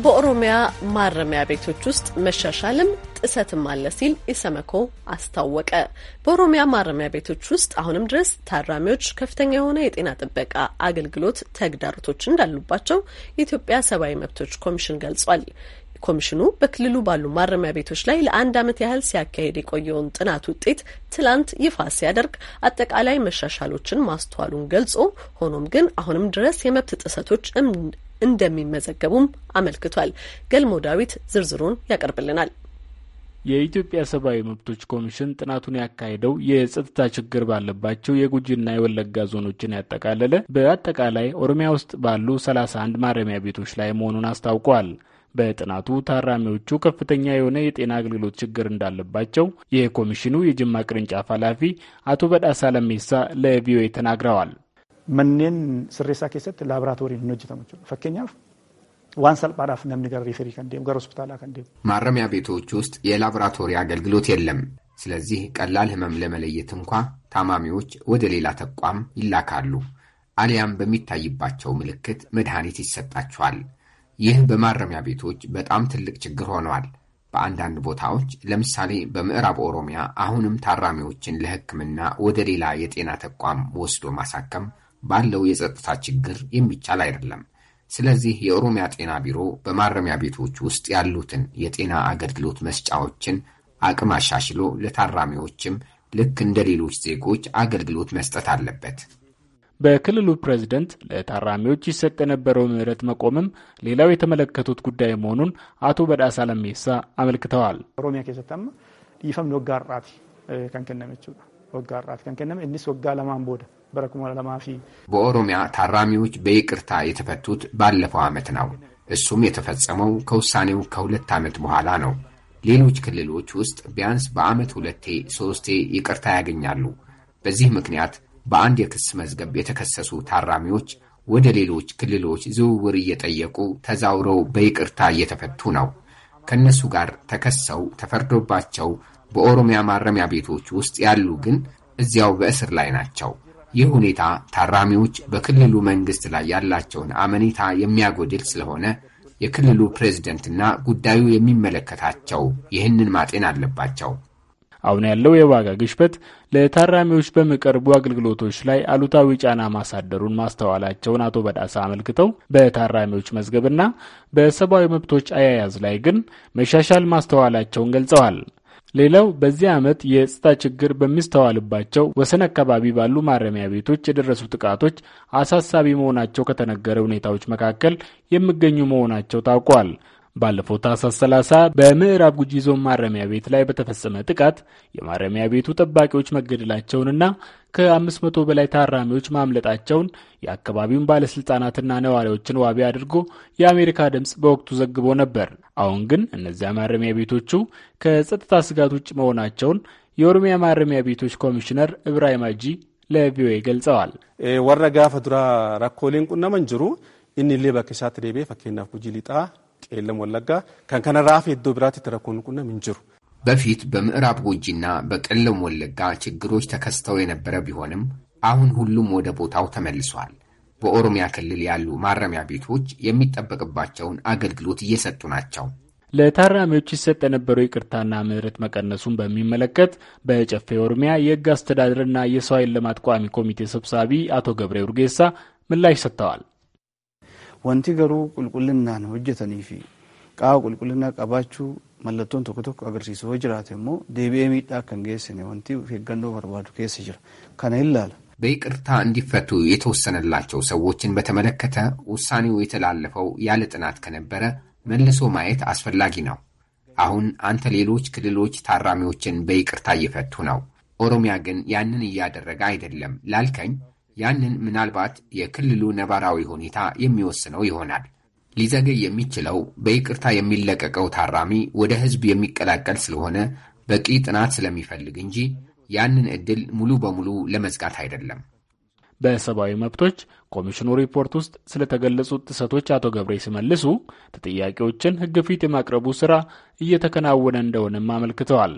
በኦሮሚያ ማረሚያ ቤቶች ውስጥ መሻሻልም ጥሰትም አለ ሲል ኢሰመኮ አስታወቀ። በኦሮሚያ ማረሚያ ቤቶች ውስጥ አሁንም ድረስ ታራሚዎች ከፍተኛ የሆነ የጤና ጥበቃ አገልግሎት ተግዳሮቶች እንዳሉባቸው የኢትዮጵያ ሰብአዊ መብቶች ኮሚሽን ገልጿል። ኮሚሽኑ በክልሉ ባሉ ማረሚያ ቤቶች ላይ ለአንድ ዓመት ያህል ሲያካሄድ የቆየውን ጥናት ውጤት ትላንት ይፋ ሲያደርግ አጠቃላይ መሻሻሎችን ማስተዋሉን ገልጾ ሆኖም ግን አሁንም ድረስ የመብት ጥሰቶች እንደሚመዘገቡም አመልክቷል። ገልሞ ዳዊት ዝርዝሩን ያቀርብልናል። የኢትዮጵያ ሰብአዊ መብቶች ኮሚሽን ጥናቱን ያካሄደው የጸጥታ ችግር ባለባቸው የጉጂና የወለጋ ዞኖችን ያጠቃለለ በአጠቃላይ ኦሮሚያ ውስጥ ባሉ ሰላሳ አንድ ማረሚያ ቤቶች ላይ መሆኑን አስታውቋል። በጥናቱ ታራሚዎቹ ከፍተኛ የሆነ የጤና አገልግሎት ችግር እንዳለባቸው የኮሚሽኑ የጅማ ቅርንጫፍ ኃላፊ አቶ በዳሳ ለሜሳ ለቪኦኤ ተናግረዋል። መኔን ስሬሳ ኬሰት ላብራቶሪ ንጅተሙ ፈኬኛፍ ዋን ሰልጳዳፍ ነምኒ ጋር ሪፌሪ ከንዴም ጋር ሆስፒታላ ከንዴም ማረሚያ ቤቶች ውስጥ የላብራቶሪ አገልግሎት የለም። ስለዚህ ቀላል ህመም ለመለየት እንኳ ታማሚዎች ወደ ሌላ ተቋም ይላካሉ። አሊያም በሚታይባቸው ምልክት መድኃኒት ይሰጣቸዋል። ይህ በማረሚያ ቤቶች በጣም ትልቅ ችግር ሆነዋል። በአንዳንድ ቦታዎች ለምሳሌ በምዕራብ ኦሮሚያ አሁንም ታራሚዎችን ለሕክምና ወደ ሌላ የጤና ተቋም ወስዶ ማሳከም ባለው የጸጥታ ችግር የሚቻል አይደለም። ስለዚህ የኦሮሚያ ጤና ቢሮ በማረሚያ ቤቶች ውስጥ ያሉትን የጤና አገልግሎት መስጫዎችን አቅም አሻሽሎ ለታራሚዎችም ልክ እንደ ሌሎች ዜጎች አገልግሎት መስጠት አለበት። በክልሉ ፕሬዝደንት ለታራሚዎች ይሰጥ የነበረው ምህረት መቆምም ሌላው የተመለከቱት ጉዳይ መሆኑን አቶ በዳሳ ለሜሳ አመልክተዋል። ኦሮሚያ ከሰታማ ይፈም ወጋራት ከንከነመች ወጋራት ከንከነመ እኒስ ወጋ ለማን ቦደ በኦሮሚያ ታራሚዎች በይቅርታ የተፈቱት ባለፈው ዓመት ነው። እሱም የተፈጸመው ከውሳኔው ከሁለት ዓመት በኋላ ነው። ሌሎች ክልሎች ውስጥ ቢያንስ በዓመት ሁለቴ ሶስቴ ይቅርታ ያገኛሉ። በዚህ ምክንያት በአንድ የክስ መዝገብ የተከሰሱ ታራሚዎች ወደ ሌሎች ክልሎች ዝውውር እየጠየቁ ተዛውረው በይቅርታ እየተፈቱ ነው። ከእነሱ ጋር ተከሰው ተፈርዶባቸው በኦሮሚያ ማረሚያ ቤቶች ውስጥ ያሉ ግን እዚያው በእስር ላይ ናቸው። ይህ ሁኔታ ታራሚዎች በክልሉ መንግሥት ላይ ያላቸውን አመኔታ የሚያጎድል ስለሆነ የክልሉ ፕሬዝደንትና ጉዳዩ የሚመለከታቸው ይህንን ማጤን አለባቸው። አሁን ያለው የዋጋ ግሽበት ለታራሚዎች በሚቀርቡ አገልግሎቶች ላይ አሉታዊ ጫና ማሳደሩን ማስተዋላቸውን አቶ በዳሳ አመልክተው በታራሚዎች መዝገብና በሰብአዊ መብቶች አያያዝ ላይ ግን መሻሻል ማስተዋላቸውን ገልጸዋል። ሌላው በዚህ ዓመት የጸጥታ ችግር በሚስተዋልባቸው ወሰን አካባቢ ባሉ ማረሚያ ቤቶች የደረሱ ጥቃቶች አሳሳቢ መሆናቸው ከተነገረ ሁኔታዎች መካከል የሚገኙ መሆናቸው ታውቋል። ባለፈው ታህሳስ 30 በምዕራብ ጉጂ ዞን ማረሚያ ቤት ላይ በተፈጸመ ጥቃት የማረሚያ ቤቱ ጠባቂዎች መገደላቸውንና ከ500 በላይ ታራሚዎች ማምለጣቸውን የአካባቢውን ባለስልጣናትና ነዋሪዎችን ዋቢ አድርጎ የአሜሪካ ድምፅ በወቅቱ ዘግቦ ነበር። አሁን ግን እነዚያ ማረሚያ ቤቶቹ ከጸጥታ ስጋት ውጭ መሆናቸውን የኦሮሚያ ማረሚያ ቤቶች ኮሚሽነር እብራሂም አጂ ለቪኦኤ ገልጸዋል። ወረጋ ፈዱራ ራኮሌን ቁናመን ጅሩ ኢኒሌ በከሳት ዴቤ ፈኬናፍ ጉጂ ሊጣ ቄለም ወለጋ ከንከነ ራፍ ብራት የተረኮንቁና ምንጅሩ በፊት በምዕራብ ጉጂና በቄለም ወለጋ ችግሮች ተከስተው የነበረ ቢሆንም አሁን ሁሉም ወደ ቦታው ተመልሷል። በኦሮሚያ ክልል ያሉ ማረሚያ ቤቶች የሚጠበቅባቸውን አገልግሎት እየሰጡ ናቸው። ለታራሚዎች ይሰጥ የነበረው ይቅርታና ምህረት መቀነሱን በሚመለከት በጨፌ ኦሮሚያ የህግ አስተዳደርና የሰው ኃይል ልማት ቋሚ ኮሚቴ ሰብሳቢ አቶ ገብሬ ኡርጌሳ ምላሽ ሰጥተዋል። Wanti garuu qulqullinnaan hojjetanii fi qaawa qulqullinnaa qabaachuu mallattoon tokko tokko agarsiisu yoo jiraate immoo deebi'ee miidhaa kan geessine wanti of eeggannoo barbaadu keessa jira. Kana ilaala. በይቅርታ እንዲፈቱ የተወሰነላቸው ሰዎችን በተመለከተ ውሳኔው የተላለፈው ያለ ጥናት ከነበረ መልሶ ማየት አስፈላጊ ነው። አሁን አንተ ሌሎች ክልሎች ታራሚዎችን በይቅርታ እየፈቱ ነው፣ ኦሮሚያ ግን ያንን እያደረገ አይደለም ላልከኝ ያንን ምናልባት የክልሉ ነባራዊ ሁኔታ የሚወስነው ይሆናል። ሊዘገይ የሚችለው በይቅርታ የሚለቀቀው ታራሚ ወደ ሕዝብ የሚቀላቀል ስለሆነ በቂ ጥናት ስለሚፈልግ እንጂ ያንን ዕድል ሙሉ በሙሉ ለመዝጋት አይደለም። በሰብአዊ መብቶች ኮሚሽኑ ሪፖርት ውስጥ ስለተገለጹት ጥሰቶች አቶ ገብሬ ሲመልሱ ተጠያቂዎችን ሕግ ፊት የማቅረቡ ሥራ እየተከናወነ እንደሆነም አመልክተዋል።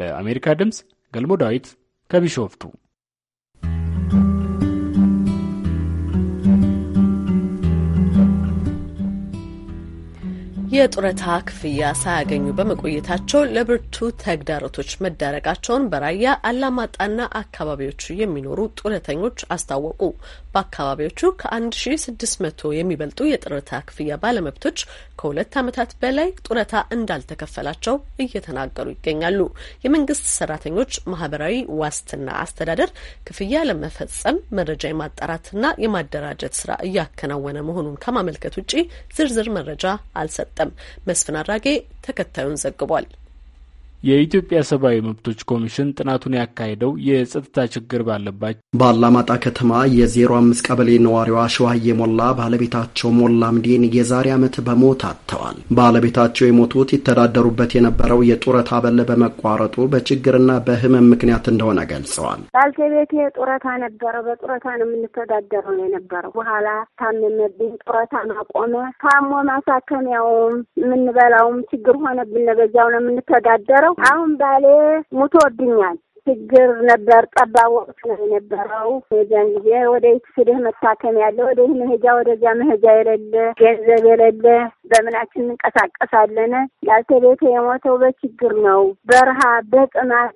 ለአሜሪካ ድምፅ ገልሞ ዳዊት ከቢሾፍቱ የጡረታ ክፍያ ሳያገኙ በመቆየታቸው ለብርቱ ተግዳሮቶች መዳረጋቸውን በራያ አላማጣና አካባቢዎቹ የሚኖሩ ጡረተኞች አስታወቁ። በአካባቢዎቹ ከ1600 የሚበልጡ የጡረታ ክፍያ ባለመብቶች ከሁለት ዓመታት በላይ ጡረታ እንዳልተከፈላቸው እየተናገሩ ይገኛሉ። የመንግስት ሰራተኞች ማህበራዊ ዋስትና አስተዳደር ክፍያ ለመፈጸም መረጃ የማጣራትና የማደራጀት ስራ እያከናወነ መሆኑን ከማመልከት ውጪ ዝርዝር መረጃ አልሰጠም። አልተሰጠም። መስፍን አራጌ ተከታዩን ዘግቧል። የኢትዮጵያ ሰብአዊ መብቶች ኮሚሽን ጥናቱን ያካሄደው የጸጥታ ችግር ባለባቸው በአላማጣ ከተማ የዜሮ አምስት ቀበሌ ነዋሪዋ ሸዋ የሞላ ባለቤታቸው ሞላ ምዴን የዛሬ ዓመት በሞት አጥተዋል። ባለቤታቸው የሞቱት ይተዳደሩበት የነበረው የጡረታ አበል በመቋረጡ በችግርና በህመም ምክንያት እንደሆነ ገልጸዋል። ባልተቤቴ ጡረታ ነበረው። በጡረታ ነው የምንተዳደረው ነው የነበረው። በኋላ ታመመብኝ፣ ጡረታ ማቆመ። ታሞ ማሳከሚያውም የምንበላውም ችግር ሆነብን። በዚያው ነው የምንተዳደረው ያለው አሁን ባሌ ሙቶብኛል። ችግር ነበር። ጠባብ ወቅት ነው የነበረው። የዚያን ጊዜ ወደ ስድህ መታከም ያለ ወደ መሄጃ ወደዚያ መሄጃ የሌለ ገንዘብ የሌለ በምናችን እንቀሳቀሳለን። ያልተቤተ የሞተው በችግር ነው፣ በረሃ በጥማት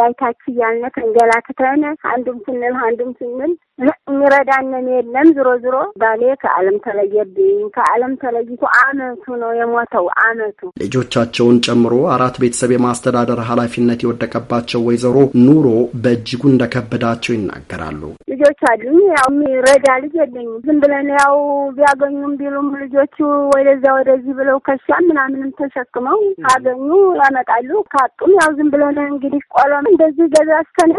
ላይታች እያልነ ተንገላክተን አንዱም ስንል አንዱም ስንል የሚረዳንም የለም። ዝሮ ዝሮ ባሌ ከዓለም ተለየብኝ። ከዓለም ተለይቶ አመቱ ነው የሞተው። አመቱ ልጆቻቸውን ጨምሮ አራት ቤተሰብ የማስተዳደር ኃላፊነት የወደቀባቸው ወይዘሮ ኑሮ በእጅጉ እንደከበዳቸው ይናገራሉ። ልጆች አሉኝ። ያው የሚረዳ ልጅ የለኝም። ዝም ብለን ያው ቢያገኙም ቢሉም ልጆቹ ወደዛ ወደዚህ ብለው ከሻ ምናምንም ተሸክመው ካገኙ ያመጣሉ፣ ካጡም ያው ዝም ብለን እንግዲህ ቆሎም እንደዚህ ገዛ ስተነ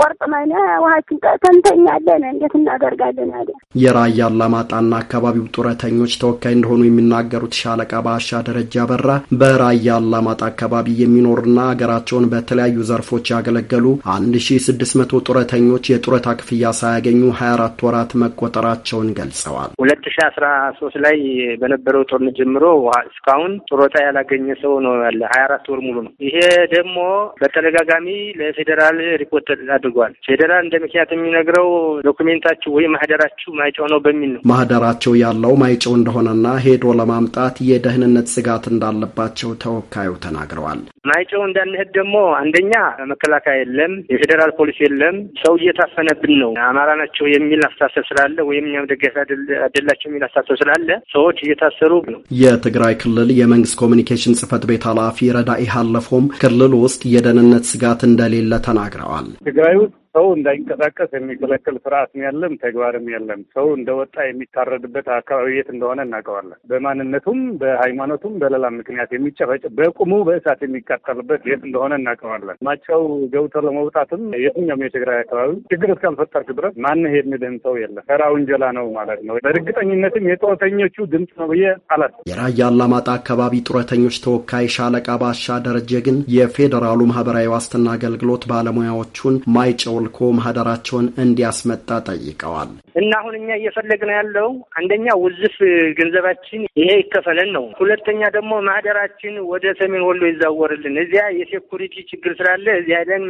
ቆርጥመነ ውሀችን ጠተንተኛለን ሆነ እንዴት እናደርጋለን አለ። የራያ አላማጣና አካባቢው ጡረተኞች ተወካይ እንደሆኑ የሚናገሩት ሻለቃ በአሻ ደረጃ በራ በራያ አላማጣ አካባቢ የሚኖሩና ሀገራቸውን በተለያዩ ዘርፎች ያገለገሉ 1600 ጡረተኞች የጡረታ ክፍያ ሳያገኙ 24 ወራት መቆጠራቸውን ገልጸዋል። 2013 ላይ በነበረው ጦርነት ጀምሮ እስካሁን ጡረታ ያላገኘ ሰው ነው ያለ 24 ወር ሙሉ ነው። ይሄ ደግሞ በተደጋጋሚ ለፌዴራል ሪፖርት አድርጓል። ፌዴራል እንደ ምክንያት የሚነግረው ዶኩሜንታችሁ ወይ ማህደራችሁ ማይጨው ነው በሚል ነው ማህደራቸው ያለው ማይጨው እንደሆነና ሄዶ ለማምጣት የደህንነት ስጋት እንዳለባቸው ተወካዩ ተናግረዋል። ማይጨው እንዳንሄድ ደግሞ አንደኛ መከላከያ የለም፣ የፌዴራል ፖሊስ የለም፣ ሰው እየታፈነብን ነው አማራ ናቸው የሚል አስተሳሰብ ስላለ ወይም እኛም ደጋፊ አይደላቸው የሚል አስተሳሰብ ስላለ ሰዎች እየታሰሩ ነው። የትግራይ ክልል የመንግስት ኮሚኒኬሽን ጽህፈት ቤት ኃላፊ ረዳኢ ሀለፎም ክልል ውስጥ የደህንነት ስጋት እንደሌለ ተናግረዋል። ትግራይ ውስጥ ሰው እንዳይንቀሳቀስ የሚከለክል ስርዓትም የለም ተግባርም የለም። ሰው እንደወጣ የሚታረድበት አካባቢ የት እንደሆነ እናውቀዋለን። በማንነቱም በሃይማኖቱም በሌላ ምክንያት የሚጨፈጭ በቁሙ በእሳት የሚቃጠልበት የት እንደሆነ እናውቀዋለን። ማቸው ገብተው ለመውጣትም የትኛውም የትግራይ አካባቢ ችግር እስካልፈጠርክ ድረስ ማን የሚልህም ሰው የለም። ሰራ ውንጀላ ነው ማለት ነው። በእርግጠኝነትም የጡረተኞቹ ድምፅ ነው ብዬ አላት። የራያ አላማጣ አካባቢ ጡረተኞች ተወካይ ሻለቃ ባሻ ደረጀ ግን የፌዴራሉ ማህበራዊ ዋስትና አገልግሎት ባለሙያዎቹን ማይጨው ሾልኮ ማህደራቸውን እንዲያስመጣ ጠይቀዋል። እና አሁን እኛ እየፈለግ ነው ያለው አንደኛ ውዝፍ ገንዘባችን ይሄ ይከፈለን ነው። ሁለተኛ ደግሞ ማህደራችን ወደ ሰሜን ወሎ ይዛወርልን። እዚያ የሴኩሪቲ ችግር ስላለ እዚያ ሄደን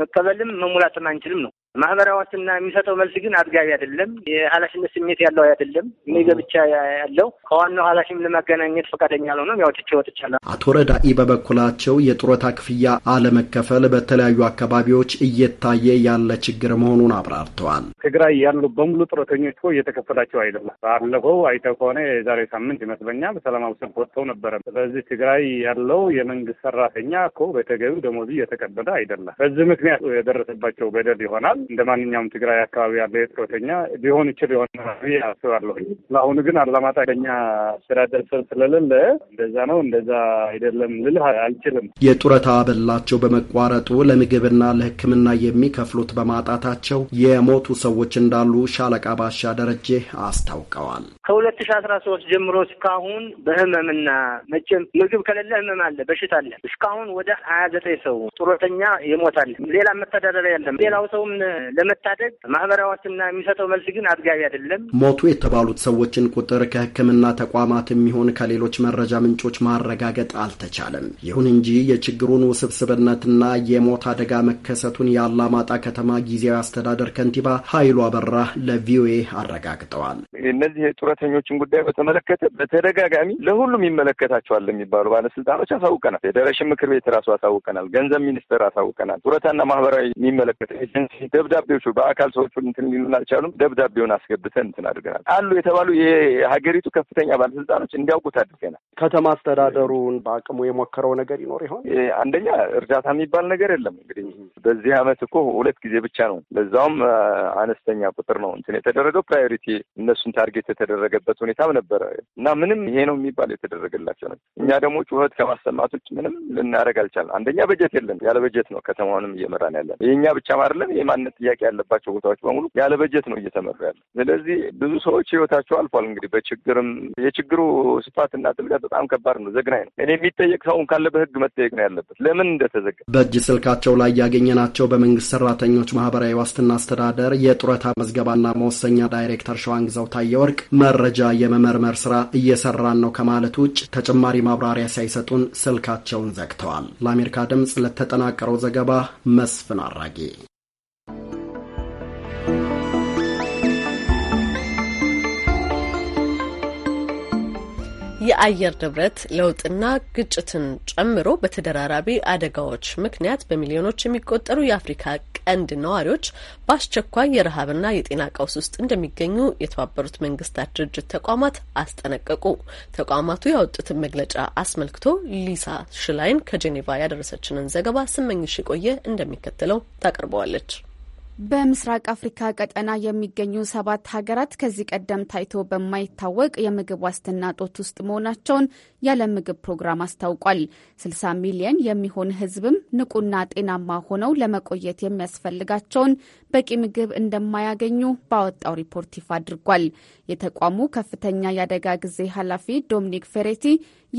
መቀበልም መሙላትም አንችልም ነው። ማህበራዊ ዋስትና የሚሰጠው መልስ ግን አጥጋቢ አይደለም። የኃላፊነት ስሜት ያለው አይደለም። ሜገ ብቻ ያለው ከዋናው ኃላፊም ለማገናኘት ፈቃደኛ አልሆነም። ያው ትቼ ወጥቻለሁ። አቶ ረዳኢ በበኩላቸው የጡረታ ክፍያ አለመከፈል በተለያዩ አካባቢዎች እየታየ ያለ ችግር መሆኑን አብራርተዋል። ትግራይ ያሉ በሙሉ ጡረተኞች እኮ እየተከፈላቸው አይደለም። ባለፈው አይተህ ከሆነ የዛሬ ሳምንት ይመስለኛል ሰላማዊ ሰልፍ ወጥተው ነበረ። በዚህ ትግራይ ያለው የመንግስት ሰራተኛ እኮ በተገቢው ደሞዙ እየተቀበለ አይደለም። በዚህ ምክንያት የደረሰባቸው በደል ይሆናል እንደ ማንኛውም ትግራይ አካባቢ ያለ የጥሮተኛ ሊሆን ይችል ይሆናል አስባለሁ። አስባለሁኝ። ለአሁኑ ግን አላማጣ ከኛ አስተዳደር ስር ስለሌለ እንደዛ ነው እንደዛ አይደለም ልልህ አልችልም። የጡረታ አበላቸው በመቋረጡ ለምግብና ለሕክምና የሚከፍሉት በማጣታቸው የሞቱ ሰዎች እንዳሉ ሻለቃ ባሻ ደረጀ አስታውቀዋል። ከሁለት ሺ አስራ ሶስት ጀምሮ እስካሁን በህመምና መቼም ምግብ ከሌለ ህመም አለ በሽታ አለ። እስካሁን ወደ ሀያ ዘጠኝ ሰው ጡረተኛ ይሞታል። ሌላ መተዳደሪያ የለም። ሌላው ሰውም ለመታደግ ማህበራዊ ዋስትና የሚሰጠው መልስ ግን አጥጋቢ አይደለም። ሞቱ የተባሉት ሰዎችን ቁጥር ከሕክምና ተቋማት የሚሆን ከሌሎች መረጃ ምንጮች ማረጋገጥ አልተቻለም። ይሁን እንጂ የችግሩን ውስብስብነትና የሞት አደጋ መከሰቱን የአላማጣ ከተማ ጊዜያዊ አስተዳደር ከንቲባ ኃይሉ አበራ ለቪኦኤ አረጋግጠዋል። እነዚህ የጡረተኞችን ጉዳይ በተመለከተ በተደጋጋሚ ለሁሉም ይመለከታቸዋል የሚባሉ ባለስልጣኖች አሳውቀናል። ፌዴሬሽን ምክር ቤት ራሱ አሳውቀናል። ገንዘብ ሚኒስትር አሳውቀናል። ጡረታና ማህበራዊ የሚመለከተው ኤጀንሲ ደብዳቤዎቹ በአካል ሰዎቹ እንትን ሊሉን አልቻሉም። ደብዳቤውን አስገብተን እንትን አድርገናል አሉ የተባሉ የሀገሪቱ ከፍተኛ ባለስልጣኖች እንዲያውቁት አድርገናል። ከተማ አስተዳደሩን በአቅሙ የሞከረው ነገር ይኖር ይሆን? አንደኛ እርዳታ የሚባል ነገር የለም። እንግዲህ በዚህ አመት እኮ ሁለት ጊዜ ብቻ ነው፣ ለዛውም አነስተኛ ቁጥር ነው እንትን የተደረገው ፕራዮሪቲ እነሱን ታርጌት የተደረገበት ሁኔታም ነበረ እና ምንም ይሄ ነው የሚባል የተደረገላቸው ነው። እኛ ደግሞ ጩኸት ከማሰማቶች ምንም ልናደረግ አልቻልንም። አንደኛ በጀት የለም፣ ያለ በጀት ነው ከተማውንም እየመራን ያለን። የእኛ ብቻ አይደለም፣ የማን የማንነት ጥያቄ ያለባቸው ቦታዎች በሙሉ ያለ በጀት ነው እየተመሩ ያለ። ስለዚህ ብዙ ሰዎች ህይወታቸው አልፏል። እንግዲህ በችግርም የችግሩ ስፋትና ጥልቀት በጣም ከባድ ነው፣ ዘግናኝ ነው። እኔ የሚጠየቅ ሰውን ካለ በህግ መጠየቅ ነው ያለበት፣ ለምን እንደተዘጋ። በእጅ ስልካቸው ላይ ያገኘናቸው በመንግስት ሰራተኞች ማህበራዊ ዋስትና አስተዳደር የጡረታ መዝገባና መወሰኛ ዳይሬክተር ሸዋንግዛው ታየወርቅ መረጃ የመመርመር ስራ እየሰራን ነው ከማለት ውጭ ተጨማሪ ማብራሪያ ሳይሰጡን ስልካቸውን ዘግተዋል። ለአሜሪካ ድምፅ ለተጠናቀረው ዘገባ መስፍን አራጌ የአየር ንብረት ለውጥና ግጭትን ጨምሮ በተደራራቢ አደጋዎች ምክንያት በሚሊዮኖች የሚቆጠሩ የአፍሪካ ቀንድ ነዋሪዎች በአስቸኳይ የረሃብና የጤና ቀውስ ውስጥ እንደሚገኙ የተባበሩት መንግስታት ድርጅት ተቋማት አስጠነቀቁ። ተቋማቱ ያወጡትን መግለጫ አስመልክቶ ሊሳ ሽላይን ከጄኔቫ ያደረሰችንን ዘገባ ስመኝሽ የቆየ እንደሚከተለው ታቀርበዋለች። በምስራቅ አፍሪካ ቀጠና የሚገኙ ሰባት ሀገራት ከዚህ ቀደም ታይቶ በማይታወቅ የምግብ ዋስትና ጦት ውስጥ መሆናቸውን የዓለም ምግብ ፕሮግራም አስታውቋል። 60 ሚሊየን የሚሆን ሕዝብም ንቁና ጤናማ ሆነው ለመቆየት የሚያስፈልጋቸውን በቂ ምግብ እንደማያገኙ ባወጣው ሪፖርት ይፋ አድርጓል። የተቋሙ ከፍተኛ የአደጋ ጊዜ ኃላፊ ዶሚኒክ ፌሬቲ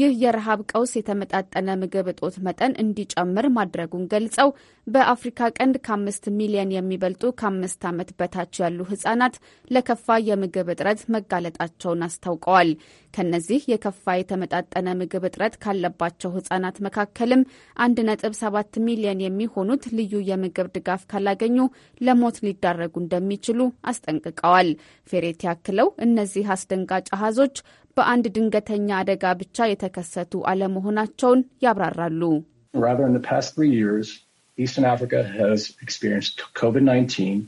ይህ የረሃብ ቀውስ የተመጣጠነ ምግብ እጦት መጠን እንዲጨምር ማድረጉን ገልጸው በአፍሪካ ቀንድ ከአምስት ሚሊየን የሚበልጡ ከአምስት ዓመት በታች ያሉ ህጻናት ለከፋ የምግብ እጥረት መጋለጣቸውን አስታውቀዋል። ከነዚህ የከፋ የተመጣጠነ ምግብ እጥረት ካለባቸው ህጻናት መካከልም 1.7 ሚሊዮን የሚሆኑት ልዩ የምግብ ድጋፍ ካላገኙ ለሞት ሊዳረጉ እንደሚችሉ አስጠንቅቀዋል። ፌሬት ያክለው እነዚህ አስደንጋጭ አሃዞች በአንድ ድንገተኛ አደጋ ብቻ የተከሰቱ አለመሆናቸውን ያብራራሉ። Eastern Africa has experienced COVID-19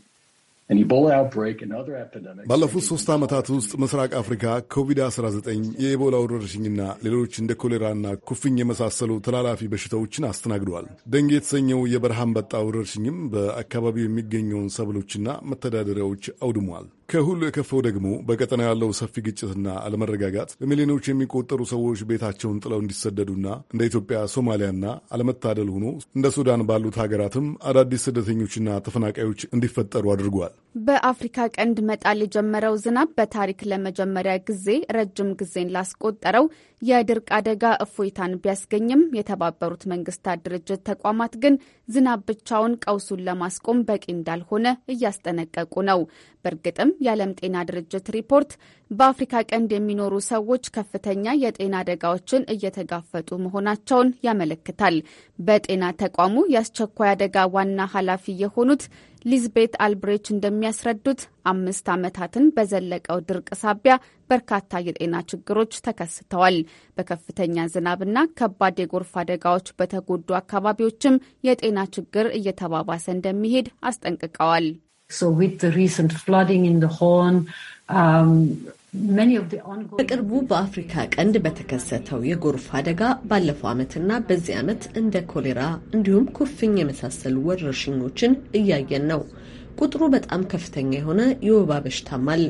ባለፉት ሶስት ዓመታት ውስጥ ምስራቅ አፍሪካ ኮቪድ-19 የኢቦላ ወረርሽኝና ሌሎች እንደ ኮሌራና ኩፍኝ የመሳሰሉ ተላላፊ በሽታዎችን አስተናግደዋል። ደንግ የተሰኘው የበረሃ አንበጣ ወረርሽኝም በአካባቢው የሚገኘውን ሰብሎችና መተዳደሪያዎች አውድሟል። ከሁሉ የከፈው ደግሞ በቀጠና ያለው ሰፊ ግጭትና አለመረጋጋት በሚሊዮኖች የሚቆጠሩ ሰዎች ቤታቸውን ጥለው እንዲሰደዱና እንደ ኢትዮጵያ፣ ሶማሊያና አለመታደል ሆኖ እንደ ሱዳን ባሉት ሀገራትም አዳዲስ ስደተኞችና ተፈናቃዮች እንዲፈጠሩ አድርጓል። በአፍሪካ ቀንድ መጣል የጀመረው ዝናብ በታሪክ ለመጀመሪያ ጊዜ ረጅም ጊዜን ላስቆጠረው የድርቅ አደጋ እፎይታን ቢያስገኝም የተባበሩት መንግስታት ድርጅት ተቋማት ግን ዝናብ ብቻውን ቀውሱን ለማስቆም በቂ እንዳልሆነ እያስጠነቀቁ ነው። በእርግጥም የዓለም ጤና ድርጅት ሪፖርት በአፍሪካ ቀንድ የሚኖሩ ሰዎች ከፍተኛ የጤና አደጋዎችን እየተጋፈጡ መሆናቸውን ያመለክታል። በጤና ተቋሙ የአስቸኳይ አደጋ ዋና ኃላፊ የሆኑት ሊዝቤት አልብሬች እንደሚያስረዱት አምስት ዓመታትን በዘለቀው ድርቅ ሳቢያ በርካታ የጤና ችግሮች ተከስተዋል። በከፍተኛ ዝናብና ከባድ የጎርፍ አደጋዎች በተጎዱ አካባቢዎችም የጤና ችግር እየተባባሰ እንደሚሄድ አስጠንቅቀዋል። So with the recent flooding in the Horn, um, በቅርቡ በአፍሪካ ቀንድ በተከሰተው የጎርፍ አደጋ ባለፈው ዓመትና በዚህ ዓመት እንደ ኮሌራ እንዲሁም ኩፍኝ የመሳሰሉ ወረርሽኞችን እያየን ነው። ቁጥሩ በጣም ከፍተኛ የሆነ የወባ በሽታም አለ።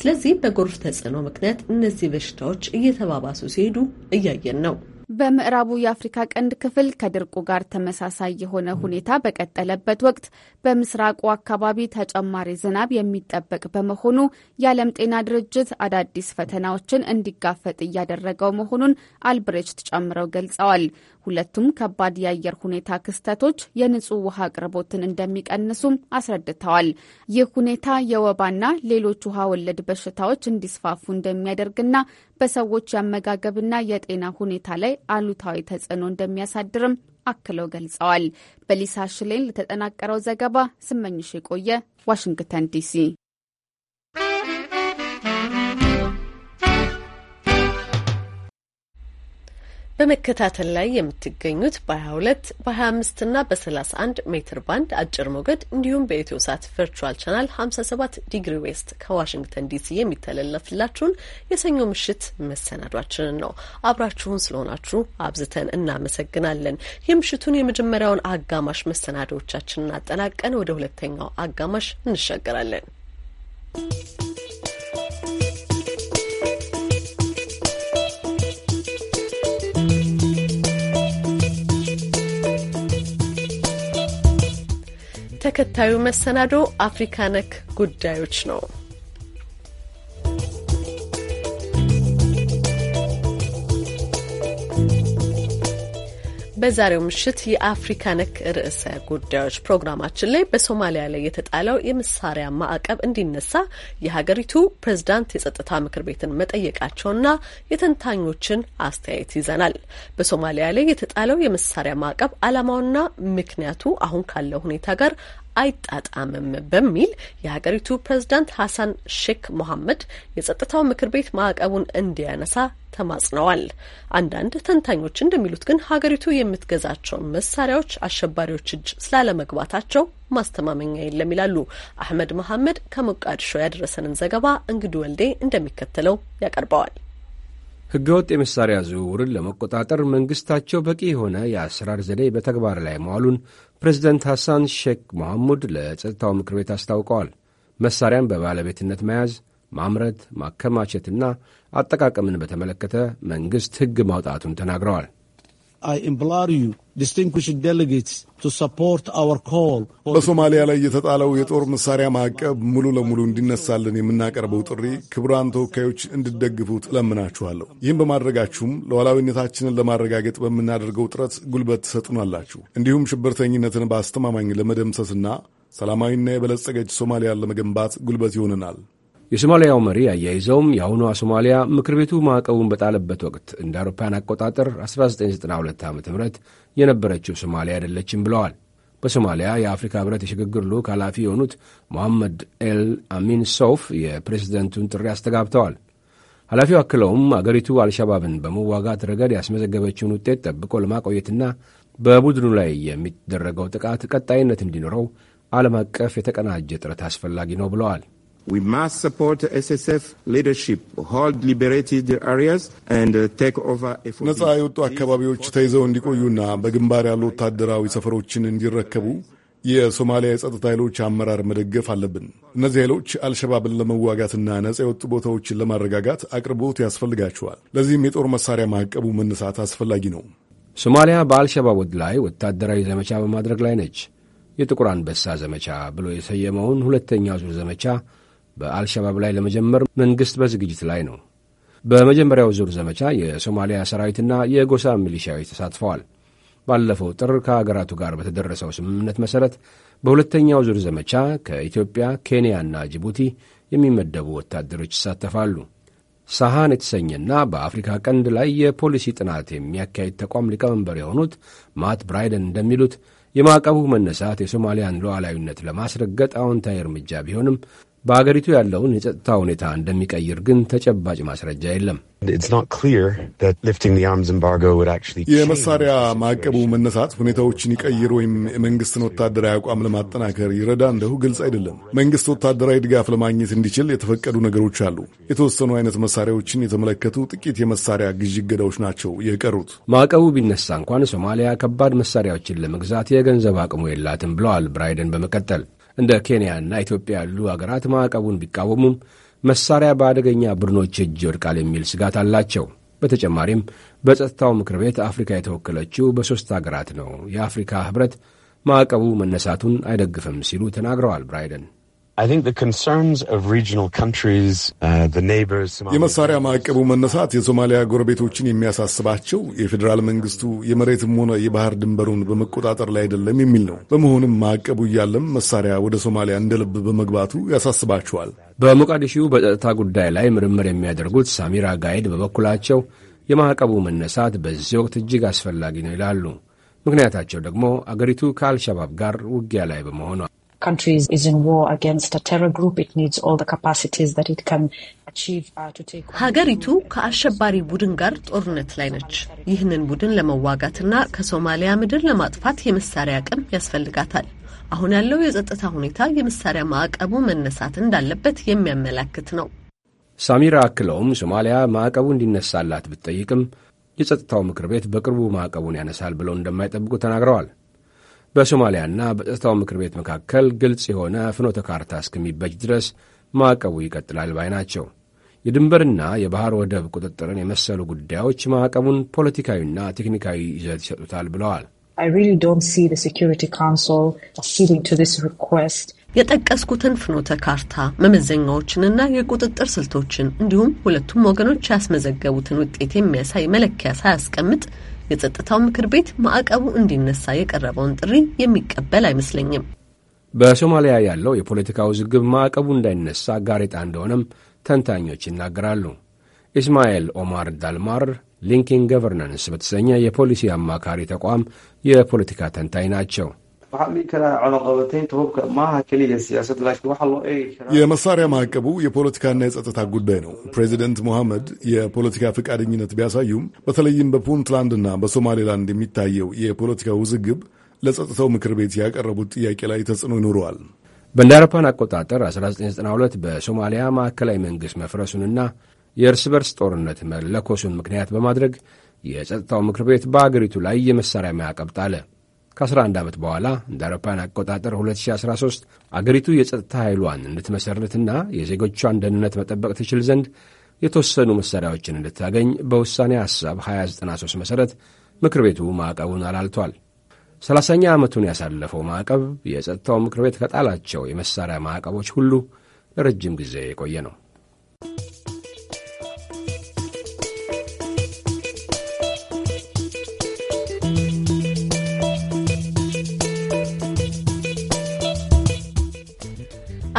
ስለዚህ በጎርፍ ተጽዕኖ ምክንያት እነዚህ በሽታዎች እየተባባሱ ሲሄዱ እያየን ነው። በምዕራቡ የአፍሪካ ቀንድ ክፍል ከድርቁ ጋር ተመሳሳይ የሆነ ሁኔታ በቀጠለበት ወቅት በምስራቁ አካባቢ ተጨማሪ ዝናብ የሚጠበቅ በመሆኑ የዓለም ጤና ድርጅት አዳዲስ ፈተናዎችን እንዲጋፈጥ እያደረገው መሆኑን አልብሬችት ጨምረው ገልጸዋል። ሁለቱም ከባድ የአየር ሁኔታ ክስተቶች የንጹህ ውሃ አቅርቦትን እንደሚቀንሱም አስረድተዋል። ይህ ሁኔታ የወባና ሌሎች ውሃ ወለድ በሽታዎች እንዲስፋፉ እንደሚያደርግና በሰዎች የአመጋገብና የጤና ሁኔታ ላይ አሉታዊ ተጽዕኖ እንደሚያሳድርም አክለው ገልጸዋል። በሊሳ ሽሌን ለተጠናቀረው ዘገባ ስመኝሽ የቆየ ዋሽንግተን ዲሲ። በመከታተል ላይ የምትገኙት በ22 በ25 እና በ31 ሜትር ባንድ አጭር ሞገድ እንዲሁም በኢትዮ ሳት ቨርቹዋል ቻናል 57 ዲግሪ ዌስት ከዋሽንግተን ዲሲ የሚተላለፍላችሁን የሰኞ ምሽት መሰናዷችንን ነው። አብራችሁን ስለሆናችሁ አብዝተን እናመሰግናለን። የምሽቱን የመጀመሪያውን አጋማሽ መሰናዶዎቻችንን አጠናቀን ወደ ሁለተኛው አጋማሽ እንሻገራለን። ተከታዩ መሰናዶ አፍሪካ ነክ ጉዳዮች ነው። በዛሬው ምሽት የአፍሪካ ነክ ርዕሰ ጉዳዮች ፕሮግራማችን ላይ በሶማሊያ ላይ የተጣለው የመሳሪያ ማዕቀብ እንዲነሳ የሀገሪቱ ፕሬዝዳንት የጸጥታ ምክር ቤትን መጠየቃቸውና የተንታኞችን አስተያየት ይዘናል። በሶማሊያ ላይ የተጣለው የመሳሪያ ማዕቀብ ዓላማውና ምክንያቱ አሁን ካለው ሁኔታ ጋር አይጣጣምም በሚል የሀገሪቱ ፕሬዝዳንት ሀሳን ሼክ ሞሐመድ የጸጥታው ምክር ቤት ማዕቀቡን እንዲያነሳ ተማጽነዋል። አንዳንድ ተንታኞች እንደሚሉት ግን ሀገሪቱ የምትገዛቸው መሳሪያዎች አሸባሪዎች እጅ ስላለመግባታቸው ማስተማመኛ የለም ይላሉ። አህመድ መሐመድ ከሞቃዲሾ ያደረሰንን ዘገባ እንግዲ ወልዴ እንደሚከተለው ያቀርበዋል። ሕገወጥ የመሳሪያ ዝውውርን ለመቆጣጠር መንግሥታቸው በቂ የሆነ የአሰራር ዘዴ በተግባር ላይ መዋሉን ፕሬዚደንት ሐሳን ሼክ መሐሙድ ለጸጥታው ምክር ቤት አስታውቀዋል። መሳሪያን በባለቤትነት መያዝ፣ ማምረት፣ ማከማቸትና አጠቃቀምን በተመለከተ መንግሥት ሕግ ማውጣቱን ተናግረዋል። በሶማሊያ ላይ የተጣለው የጦር መሳሪያ ማዕቀብ ሙሉ ለሙሉ እንዲነሳልን የምናቀርበው ጥሪ ክቡራን ተወካዮች እንድትደግፉት እለምናችኋለሁ። ይህም በማድረጋችሁም ሉዓላዊነታችንን ለማረጋገጥ በምናደርገው ጥረት ጉልበት ትሰጡናላችሁ። እንዲሁም ሽብርተኝነትን በአስተማማኝ ለመደምሰስና ሰላማዊና የበለጸገች ሶማሊያን ለመገንባት ጉልበት ይሆንናል። የሶማሊያው መሪ አያይዘውም የአሁኗ ሶማሊያ ምክር ቤቱ ማዕቀቡን በጣለበት ወቅት እንደ አውሮፓውያን አቆጣጠር 1992 ዓ ም የነበረችው ሶማሊያ አይደለችም ብለዋል። በሶማሊያ የአፍሪካ ህብረት የሽግግር ልዑክ ኃላፊ የሆኑት ሞሐመድ ኤል አሚን ሶፍ የፕሬዝደንቱን ጥሪ አስተጋብተዋል። ኃላፊው አክለውም አገሪቱ አልሸባብን በመዋጋት ረገድ ያስመዘገበችውን ውጤት ጠብቆ ለማቆየትና በቡድኑ ላይ የሚደረገው ጥቃት ቀጣይነት እንዲኖረው ዓለም አቀፍ የተቀናጀ ጥረት አስፈላጊ ነው ብለዋል። We must support SSF leadership, hold liberated areas and uh, take over ነጻ የወጡ አካባቢዎች ተይዘው እንዲቆዩና በግንባር ያሉ ወታደራዊ ሰፈሮችን እንዲረከቡ የሶማሊያ የጸጥታ ኃይሎች አመራር መደገፍ አለብን። እነዚህ ኃይሎች አልሸባብን ለመዋጋትና ነጻ የወጡ ቦታዎችን ለማረጋጋት አቅርቦት ያስፈልጋቸዋል። ለዚህም የጦር መሳሪያ ማዕቀቡ መነሳት አስፈላጊ ነው። ሶማሊያ በአልሸባቦች ላይ ወታደራዊ ዘመቻ በማድረግ ላይ ነች። የጥቁር አንበሳ ዘመቻ ብሎ የሰየመውን ሁለተኛ ዙር ዘመቻ በአልሸባብ ላይ ለመጀመር መንግሥት በዝግጅት ላይ ነው። በመጀመሪያው ዙር ዘመቻ የሶማሊያ ሰራዊትና የጎሳ ሚሊሻዎች ተሳትፈዋል። ባለፈው ጥር ከአገራቱ ጋር በተደረሰው ስምምነት መሠረት በሁለተኛው ዙር ዘመቻ ከኢትዮጵያ፣ ኬንያና ጅቡቲ የሚመደቡ ወታደሮች ይሳተፋሉ። ሳሃን የተሰኘና በአፍሪካ ቀንድ ላይ የፖሊሲ ጥናት የሚያካሂድ ተቋም ሊቀመንበር የሆኑት ማት ብራይደን እንደሚሉት የማዕቀቡ መነሳት የሶማሊያን ሉዓላዊነት ለማስረገጥ አዎንታዊ እርምጃ ቢሆንም በአገሪቱ ያለውን የጸጥታ ሁኔታ እንደሚቀይር ግን ተጨባጭ ማስረጃ የለም። የመሳሪያ ማዕቀቡ መነሳት ሁኔታዎችን ይቀይር ወይም የመንግስትን ወታደራዊ አቋም ለማጠናከር ይረዳ እንደሁ ግልጽ አይደለም። መንግስት ወታደራዊ ድጋፍ ለማግኘት እንዲችል የተፈቀዱ ነገሮች አሉ። የተወሰኑ አይነት መሳሪያዎችን የተመለከቱ ጥቂት የመሳሪያ ግዥ እገዳዎች ናቸው የቀሩት። ማዕቀቡ ቢነሳ እንኳን ሶማሊያ ከባድ መሳሪያዎችን ለመግዛት የገንዘብ አቅሙ የላትም ብለዋል ብራይደን በመቀጠል እንደ ኬንያና ኢትዮጵያ ያሉ አገራት ማዕቀቡን ቢቃወሙም መሳሪያ በአደገኛ ቡድኖች እጅ ይወድቃል የሚል ስጋት አላቸው። በተጨማሪም በጸጥታው ምክር ቤት አፍሪካ የተወከለችው በሦስት አገራት ነው። የአፍሪካ ኅብረት ማዕቀቡ መነሳቱን አይደግፍም ሲሉ ተናግረዋል ብራይደን Uh, የመሳሪያ ማዕቀቡ መነሳት የሶማሊያ ጎረቤቶችን የሚያሳስባቸው የፌዴራል መንግስቱ የመሬትም ሆነ የባህር ድንበሩን በመቆጣጠር ላይ አይደለም የሚል ነው። በመሆኑም ማዕቀቡ እያለም መሳሪያ ወደ ሶማሊያ እንደ ልብ በመግባቱ ያሳስባቸዋል። በሞቃዲሹ በጸጥታ ጉዳይ ላይ ምርምር የሚያደርጉት ሳሚራ ጋይድ በበኩላቸው የማዕቀቡ መነሳት በዚህ ወቅት እጅግ አስፈላጊ ነው ይላሉ። ምክንያታቸው ደግሞ አገሪቱ ከአልሸባብ ጋር ውጊያ ላይ በመሆኗል። country is in war against a terror group, it needs all the capacities that it can uh, ሀገሪቱ ከአሸባሪ ቡድን ጋር ጦርነት ላይ ነች። ይህንን ቡድን ለመዋጋትና ከሶማሊያ ምድር ለማጥፋት የመሳሪያ አቅም ያስፈልጋታል። አሁን ያለው የጸጥታ ሁኔታ የመሳሪያ ማዕቀቡ መነሳት እንዳለበት የሚያመላክት ነው። ሳሚራ አክለውም ሶማሊያ ማዕቀቡ እንዲነሳላት ብትጠይቅም የጸጥታው ምክር ቤት በቅርቡ ማዕቀቡን ያነሳል ብለው እንደማይጠብቁ ተናግረዋል። በሶማሊያና በጸጥታው ምክር ቤት መካከል ግልጽ የሆነ ፍኖተ ካርታ እስከሚበጅ ድረስ ማዕቀቡ ይቀጥላል ባይ ናቸው። የድንበርና የባህር ወደብ ቁጥጥርን የመሰሉ ጉዳዮች ማዕቀቡን ፖለቲካዊና ቴክኒካዊ ይዘት ይሰጡታል ብለዋል። የጠቀስኩትን ፍኖተ ካርታ መመዘኛዎችንና የቁጥጥር ስልቶችን እንዲሁም ሁለቱም ወገኖች ያስመዘገቡትን ውጤት የሚያሳይ መለኪያ ሳያስቀምጥ የጸጥታው ምክር ቤት ማዕቀቡ እንዲነሳ የቀረበውን ጥሪ የሚቀበል አይመስለኝም። በሶማሊያ ያለው የፖለቲካ ውዝግብ ማዕቀቡ እንዳይነሳ ጋሬጣ እንደሆነም ተንታኞች ይናገራሉ። ኢስማኤል ኦማር ዳልማር ሊንኪንግ ገቨርናንስ በተሰኘ የፖሊሲ አማካሪ ተቋም የፖለቲካ ተንታኝ ናቸው። የመሳሪያ ማዕቀቡ የፖለቲካና የጸጥታ ጉዳይ ነው። ፕሬዚደንት ሙሐመድ የፖለቲካ ፈቃደኝነት ቢያሳዩም በተለይም በፑንትላንድና በሶማሌላንድ የሚታየው የፖለቲካ ውዝግብ ለጸጥታው ምክር ቤት ያቀረቡት ጥያቄ ላይ ተጽዕኖ ይኖረዋል። በእንደ አውሮፓውያን አቆጣጠር 1992 በሶማሊያ ማዕከላዊ መንግሥት መፍረሱንና የእርስ በርስ ጦርነት መለኮሱን ምክንያት በማድረግ የጸጥታው ምክር ቤት በአገሪቱ ላይ የመሳሪያ ማዕቀብ ጣለ። ከ11 ዓመት በኋላ እንደ አውሮፓውያን አቆጣጠር 2013 አገሪቱ የጸጥታ ኃይሏን እንድትመሠርትና የዜጎቿን ደህንነት መጠበቅ ትችል ዘንድ የተወሰኑ መሣሪያዎችን እንድታገኝ በውሳኔ ሐሳብ 2093 መሠረት ምክር ቤቱ ማዕቀቡን አላልቷል። 30ኛ ዓመቱን ያሳለፈው ማዕቀብ የጸጥታው ምክር ቤት ከጣላቸው የመሣሪያ ማዕቀቦች ሁሉ ለረጅም ጊዜ የቆየ ነው።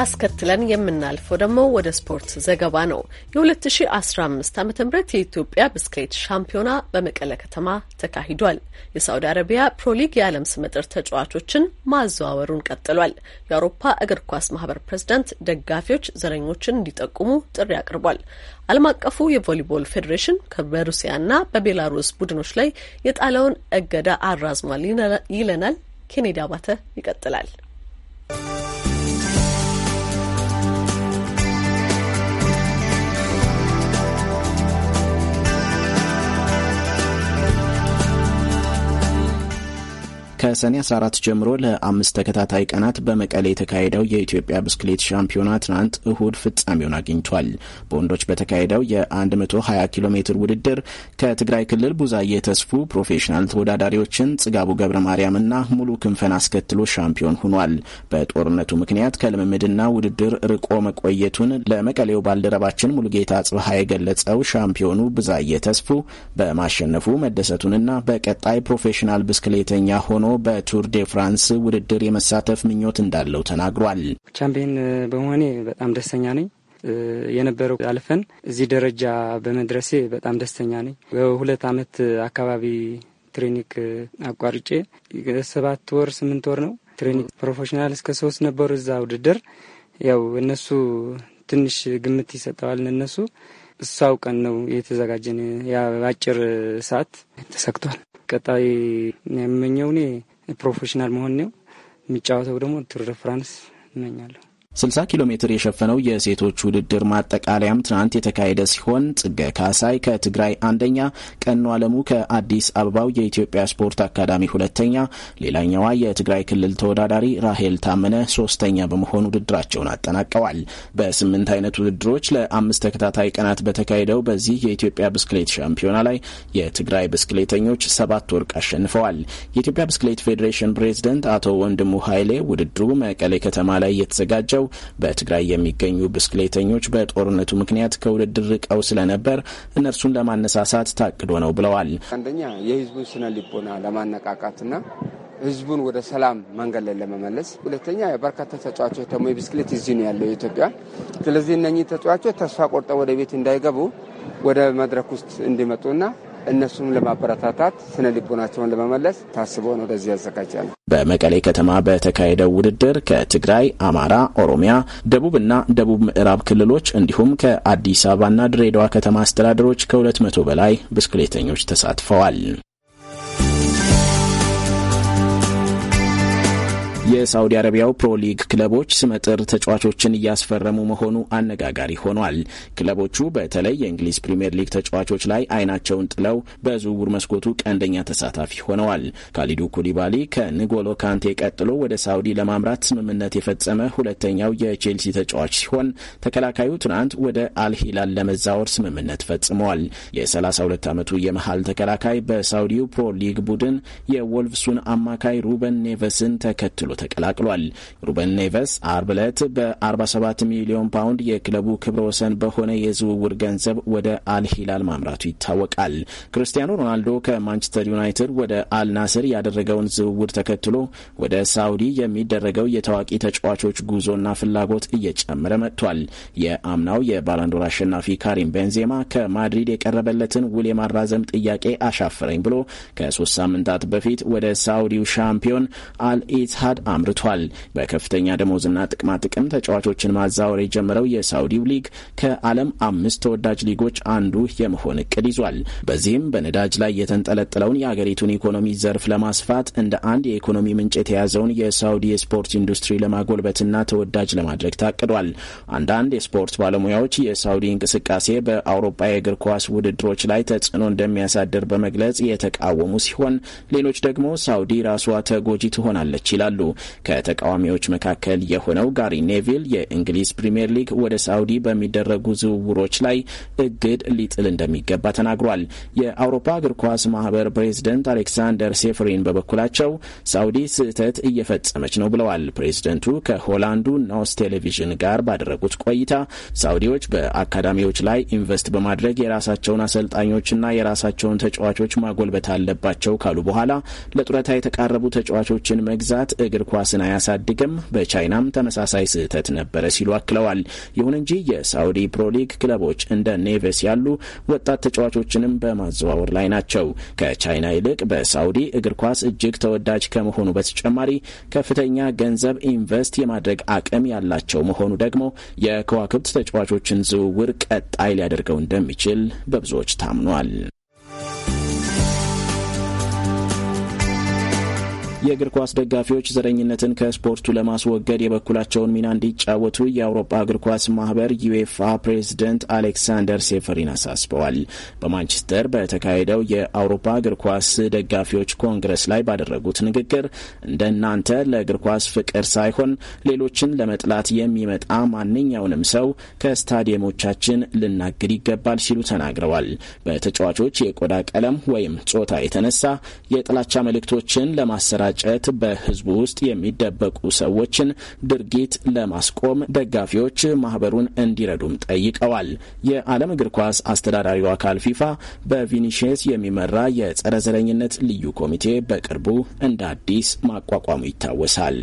አስከትለን የምናልፈው ደግሞ ወደ ስፖርት ዘገባ ነው። የ2015 ዓ ም የኢትዮጵያ ብስክሌት ሻምፒዮና በመቀለ ከተማ ተካሂዷል። የሳውዲ አረቢያ ፕሮሊግ የዓለም ስመጥር ተጫዋቾችን ማዘዋወሩን ቀጥሏል። የአውሮፓ እግር ኳስ ማህበር ፕሬዝዳንት ደጋፊዎች ዘረኞችን እንዲጠቁሙ ጥሪ አቅርቧል። ዓለም አቀፉ የቮሊቦል ፌዴሬሽን በሩሲያና በቤላሩስ ቡድኖች ላይ የጣለውን እገዳ አራዝሟል። ይለናል ኬኔዲ አባተ ይቀጥላል። ከሰኔ 14 ጀምሮ ለአምስት ተከታታይ ቀናት በመቀሌ የተካሄደው የኢትዮጵያ ብስክሌት ሻምፒዮና ትናንት እሁድ ፍጻሜውን አግኝቷል። በወንዶች በተካሄደው የ120 ኪሎ ሜትር ውድድር ከትግራይ ክልል ቡዛዬ ተስፉ ፕሮፌሽናል ተወዳዳሪዎችን ጽጋቡ ገብረ ማርያምና ሙሉ ክንፈን አስከትሎ ሻምፒዮን ሆኗል። በጦርነቱ ምክንያት ከልምምድና ውድድር ርቆ መቆየቱን ለመቀሌው ባልደረባችን ሙሉጌታ ጽብሃ የገለጸው ሻምፒዮኑ ቡዛዬ ተስፉ በማሸነፉ መደሰቱንና በቀጣይ ፕሮፌሽናል ብስክሌተኛ ሆኖ በቱር ዴ ፍራንስ ውድድር የመሳተፍ ምኞት እንዳለው ተናግሯል። ቻምፒየን በመሆኔ በጣም ደስተኛ ነኝ። የነበረው አልፈን እዚህ ደረጃ በመድረሴ በጣም ደስተኛ ነኝ። በሁለት ዓመት አካባቢ ትሬኒክ አቋርጬ ሰባት ወር ስምንት ወር ነው ትሬኒክ ፕሮፌሽናል እስከ ሶስት ነበሩ እዛ ውድድር ያው እነሱ ትንሽ ግምት ይሰጠዋል እነሱ እሱ አውቀን ነው የተዘጋጀን። ያ አጭር ሰዓት ተሰክቷል። ቀጣይ የምመኘው እኔ ፕሮፌሽናል መሆን ነው። የሚጫወተው ደግሞ ቱር ደ ፍራንስ እመኛለሁ። 60 ኪሎ ሜትር የሸፈነው የሴቶች ውድድር ማጠቃለያም ትናንት የተካሄደ ሲሆን ጽገ ካሳይ ከትግራይ አንደኛ፣ ቀኑ አለሙ ከአዲስ አበባው የኢትዮጵያ ስፖርት አካዳሚ ሁለተኛ፣ ሌላኛዋ የትግራይ ክልል ተወዳዳሪ ራሄል ታመነ ሶስተኛ በመሆን ውድድራቸውን አጠናቀዋል። በስምንት አይነት ውድድሮች ለአምስት ተከታታይ ቀናት በተካሄደው በዚህ የኢትዮጵያ ብስክሌት ሻምፒዮና ላይ የትግራይ ብስክሌተኞች ሰባት ወርቅ አሸንፈዋል። የኢትዮጵያ ብስክሌት ፌዴሬሽን ፕሬዝደንት አቶ ወንድሙ ኃይሌ ውድድሩ መቀሌ ከተማ ላይ የተዘጋጀው ተገድለው በትግራይ የሚገኙ ብስክሌተኞች በጦርነቱ ምክንያት ከውድድር ርቀው ስለነበር እነርሱን ለማነሳሳት ታቅዶ ነው ብለዋል። አንደኛ የህዝቡን ስነ ልቦና ለማነቃቃትና ህዝቡን ወደ ሰላም መንገድ ላይ ለመመለስ፣ ሁለተኛ በርካታ ተጫዋቾች ደግሞ የብስክሌት እዚህ ነው ያለው የኢትዮጵያ። ስለዚህ እነኚህ ተጫዋቾች ተስፋ ቆርጠው ወደ ቤት እንዳይገቡ ወደ መድረክ ውስጥ እንዲመጡና እነሱም ለማበረታታት ስነ ልቦናቸውን ለመመለስ ነው ወደዚህ ያዘጋጀ ነው። በመቀሌ ከተማ በተካሄደው ውድድር ከትግራይ፣ አማራ፣ ኦሮሚያ፣ ደቡብና ደቡብ ምዕራብ ክልሎች እንዲሁም ከአዲስ አበባና ድሬዳዋ ከተማ አስተዳደሮች ከሁለት መቶ በላይ ብስክሌተኞች ተሳትፈዋል። የሳውዲ አረቢያው ፕሮ ሊግ ክለቦች ስመጥር ተጫዋቾችን እያስፈረሙ መሆኑ አነጋጋሪ ሆኗል። ክለቦቹ በተለይ የእንግሊዝ ፕሪምየር ሊግ ተጫዋቾች ላይ አይናቸውን ጥለው በዝውውር መስኮቱ ቀንደኛ ተሳታፊ ሆነዋል። ካሊዱ ኩሊባሊ ከንጎሎ ካንቴ ቀጥሎ ወደ ሳውዲ ለማምራት ስምምነት የፈጸመ ሁለተኛው የቼልሲ ተጫዋች ሲሆን ተከላካዩ ትናንት ወደ አልሂላል ለመዛወር ስምምነት ፈጽመዋል። የ32 ዓመቱ የመሃል ተከላካይ በሳውዲው ፕሮ ሊግ ቡድን የወልቭሱን አማካይ ሩበን ኔቨስን ተከትሎ ተቀላቅሏል። ሩበን ኔቨስ አርብ ዕለት በ47 ሚሊዮን ፓውንድ የክለቡ ክብረ ወሰን በሆነ የዝውውር ገንዘብ ወደ አልሂላል ማምራቱ ይታወቃል። ክርስቲያኖ ሮናልዶ ከማንቸስተር ዩናይትድ ወደ አልናስር ያደረገውን ዝውውር ተከትሎ ወደ ሳውዲ የሚደረገው የታዋቂ ተጫዋቾች ጉዞና ፍላጎት እየጨመረ መጥቷል። የአምናው የባላንዶር አሸናፊ ካሪም ቤንዜማ ከማድሪድ የቀረበለትን ውል የማራዘም ጥያቄ አሻፈረኝ ብሎ ከሶስት ሳምንታት በፊት ወደ ሳውዲው ሻምፒዮን አልኢትሃድ አምርቷል። በከፍተኛ ደሞዝና ጥቅማ ጥቅም ተጫዋቾችን ማዛወር የጀመረው የሳውዲው ሊግ ከዓለም አምስት ተወዳጅ ሊጎች አንዱ የመሆን እቅድ ይዟል። በዚህም በነዳጅ ላይ የተንጠለጠለውን የአገሪቱን ኢኮኖሚ ዘርፍ ለማስፋት እንደ አንድ የኢኮኖሚ ምንጭ የተያዘውን የሳውዲ የስፖርት ኢንዱስትሪ ለማጎልበትና ተወዳጅ ለማድረግ ታቅዷል። አንዳንድ የስፖርት ባለሙያዎች የሳውዲ እንቅስቃሴ በአውሮፓ የእግር ኳስ ውድድሮች ላይ ተጽዕኖ እንደሚያሳድር በመግለጽ የተቃወሙ ሲሆን፣ ሌሎች ደግሞ ሳውዲ ራሷ ተጎጂ ትሆናለች ይላሉ። ከተቃዋሚዎች መካከል የሆነው ጋሪ ኔቪል የእንግሊዝ ፕሪምየር ሊግ ወደ ሳውዲ በሚደረጉ ዝውውሮች ላይ እግድ ሊጥል እንደሚገባ ተናግሯል። የአውሮፓ እግር ኳስ ማህበር ፕሬዚደንት አሌክሳንደር ሴፍሪን በበኩላቸው ሳውዲ ስህተት እየፈጸመች ነው ብለዋል። ፕሬዚደንቱ ከሆላንዱ ኖስ ቴሌቪዥን ጋር ባደረጉት ቆይታ ሳውዲዎች በአካዳሚዎች ላይ ኢንቨስት በማድረግ የራሳቸውን አሰልጣኞችና የራሳቸውን ተጫዋቾች ማጎልበት አለባቸው ካሉ በኋላ ለጡረታ የተቃረቡ ተጫዋቾችን መግዛት እግር እግር ኳስን አያሳድግም፣ በቻይናም ተመሳሳይ ስህተት ነበረ ሲሉ አክለዋል። ይሁን እንጂ የሳውዲ ፕሮሊግ ክለቦች እንደ ኔቬስ ያሉ ወጣት ተጫዋቾችንም በማዘዋወር ላይ ናቸው። ከቻይና ይልቅ በሳውዲ እግር ኳስ እጅግ ተወዳጅ ከመሆኑ በተጨማሪ ከፍተኛ ገንዘብ ኢንቨስት የማድረግ አቅም ያላቸው መሆኑ ደግሞ የከዋክብት ተጫዋቾችን ዝውውር ቀጣይ ሊያደርገው እንደሚችል በብዙዎች ታምኗል። የእግር ኳስ ደጋፊዎች ዘረኝነትን ከስፖርቱ ለማስወገድ የበኩላቸውን ሚና እንዲጫወቱ የአውሮፓ እግር ኳስ ማህበር ዩኤፋ ፕሬዚደንት አሌክሳንደር ሴፈሪን አሳስበዋል። በማንቸስተር በተካሄደው የአውሮፓ እግር ኳስ ደጋፊዎች ኮንግረስ ላይ ባደረጉት ንግግር እንደ እናንተ ለእግር ኳስ ፍቅር ሳይሆን ሌሎችን ለመጥላት የሚመጣ ማንኛውንም ሰው ከስታዲየሞቻችን ልናግድ ይገባል ሲሉ ተናግረዋል። በተጫዋቾች የቆዳ ቀለም ወይም ጾታ የተነሳ የጥላቻ መልእክቶችን ለማሰራ። በማሰራጨት በህዝቡ ውስጥ የሚደበቁ ሰዎችን ድርጊት ለማስቆም ደጋፊዎች ማህበሩን እንዲረዱም ጠይቀዋል። የዓለም እግር ኳስ አስተዳዳሪው አካል ፊፋ በቪኒሽስ የሚመራ የጸረ ዘረኝነት ልዩ ኮሚቴ በቅርቡ እንደ አዲስ ማቋቋሙ ይታወሳል።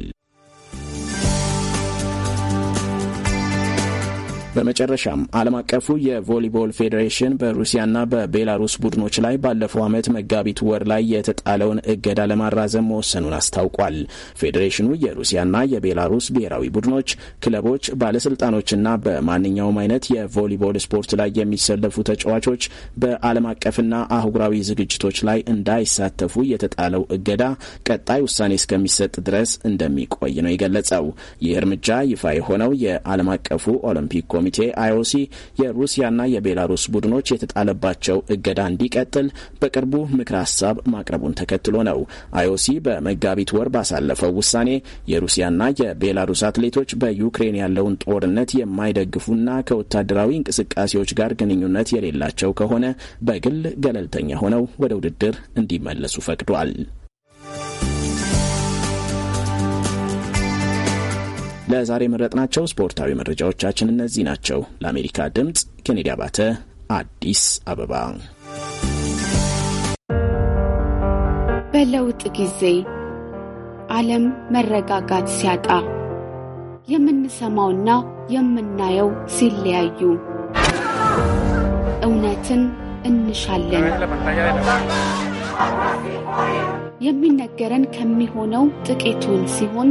በመጨረሻም ዓለም አቀፉ የቮሊቦል ፌዴሬሽን በሩሲያና በቤላሩስ ቡድኖች ላይ ባለፈው ዓመት መጋቢት ወር ላይ የተጣለውን እገዳ ለማራዘም መወሰኑን አስታውቋል። ፌዴሬሽኑ የሩሲያና የቤላሩስ ብሔራዊ ቡድኖች፣ ክለቦች፣ ባለስልጣኖችና በማንኛውም አይነት የቮሊቦል ስፖርት ላይ የሚሰለፉ ተጫዋቾች በዓለም አቀፍና አህጉራዊ ዝግጅቶች ላይ እንዳይሳተፉ የተጣለው እገዳ ቀጣይ ውሳኔ እስከሚሰጥ ድረስ እንደሚቆይ ነው የገለጸው። ይህ እርምጃ ይፋ የሆነው የዓለም አቀፉ ኦሎምፒክ ኮሚ ኮሚቴ አይኦሲ የሩሲያና የቤላሩስ ቡድኖች የተጣለባቸው እገዳ እንዲቀጥል በቅርቡ ምክረ ሀሳብ ማቅረቡን ተከትሎ ነው። አይኦሲ በመጋቢት ወር ባሳለፈው ውሳኔ የሩሲያና የቤላሩስ አትሌቶች በዩክሬን ያለውን ጦርነት የማይደግፉና ከወታደራዊ እንቅስቃሴዎች ጋር ግንኙነት የሌላቸው ከሆነ በግል ገለልተኛ ሆነው ወደ ውድድር እንዲመለሱ ፈቅዷል። ለዛሬ የመረጥናቸው ስፖርታዊ መረጃዎቻችን እነዚህ ናቸው። ለአሜሪካ ድምፅ ኬኔዲ አባተ፣ አዲስ አበባ። በለውጥ ጊዜ ዓለም መረጋጋት ሲያጣ የምንሰማውና የምናየው ሲለያዩ እውነትን እንሻለን። የሚነገረን ከሚሆነው ጥቂቱን ሲሆን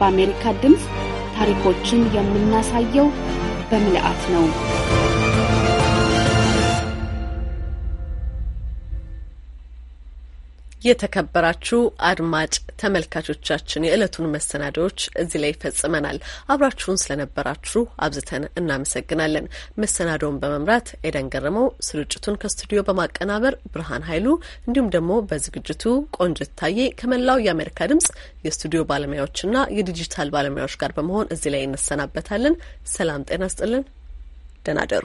በአሜሪካ ድምፅ ታሪኮችን የምናሳየው በምልአት ነው። የተከበራችሁ አድማጭ ተመልካቾቻችን የዕለቱን መሰናዶዎች እዚህ ላይ ይፈጽመናል። አብራችሁን ስለነበራችሁ አብዝተን እናመሰግናለን። መሰናዶውን በመምራት ኤደን ገረመው፣ ስርጭቱን ከስቱዲዮ በማቀናበር ብርሃን ኃይሉ እንዲሁም ደግሞ በዝግጅቱ ቆንጅት ታዬ ከመላው የአሜሪካ ድምጽ የስቱዲዮ ባለሙያዎችና የዲጂታል ባለሙያዎች ጋር በመሆን እዚህ ላይ እንሰናበታለን። ሰላም ጤና ስጥልን። ደናደሩ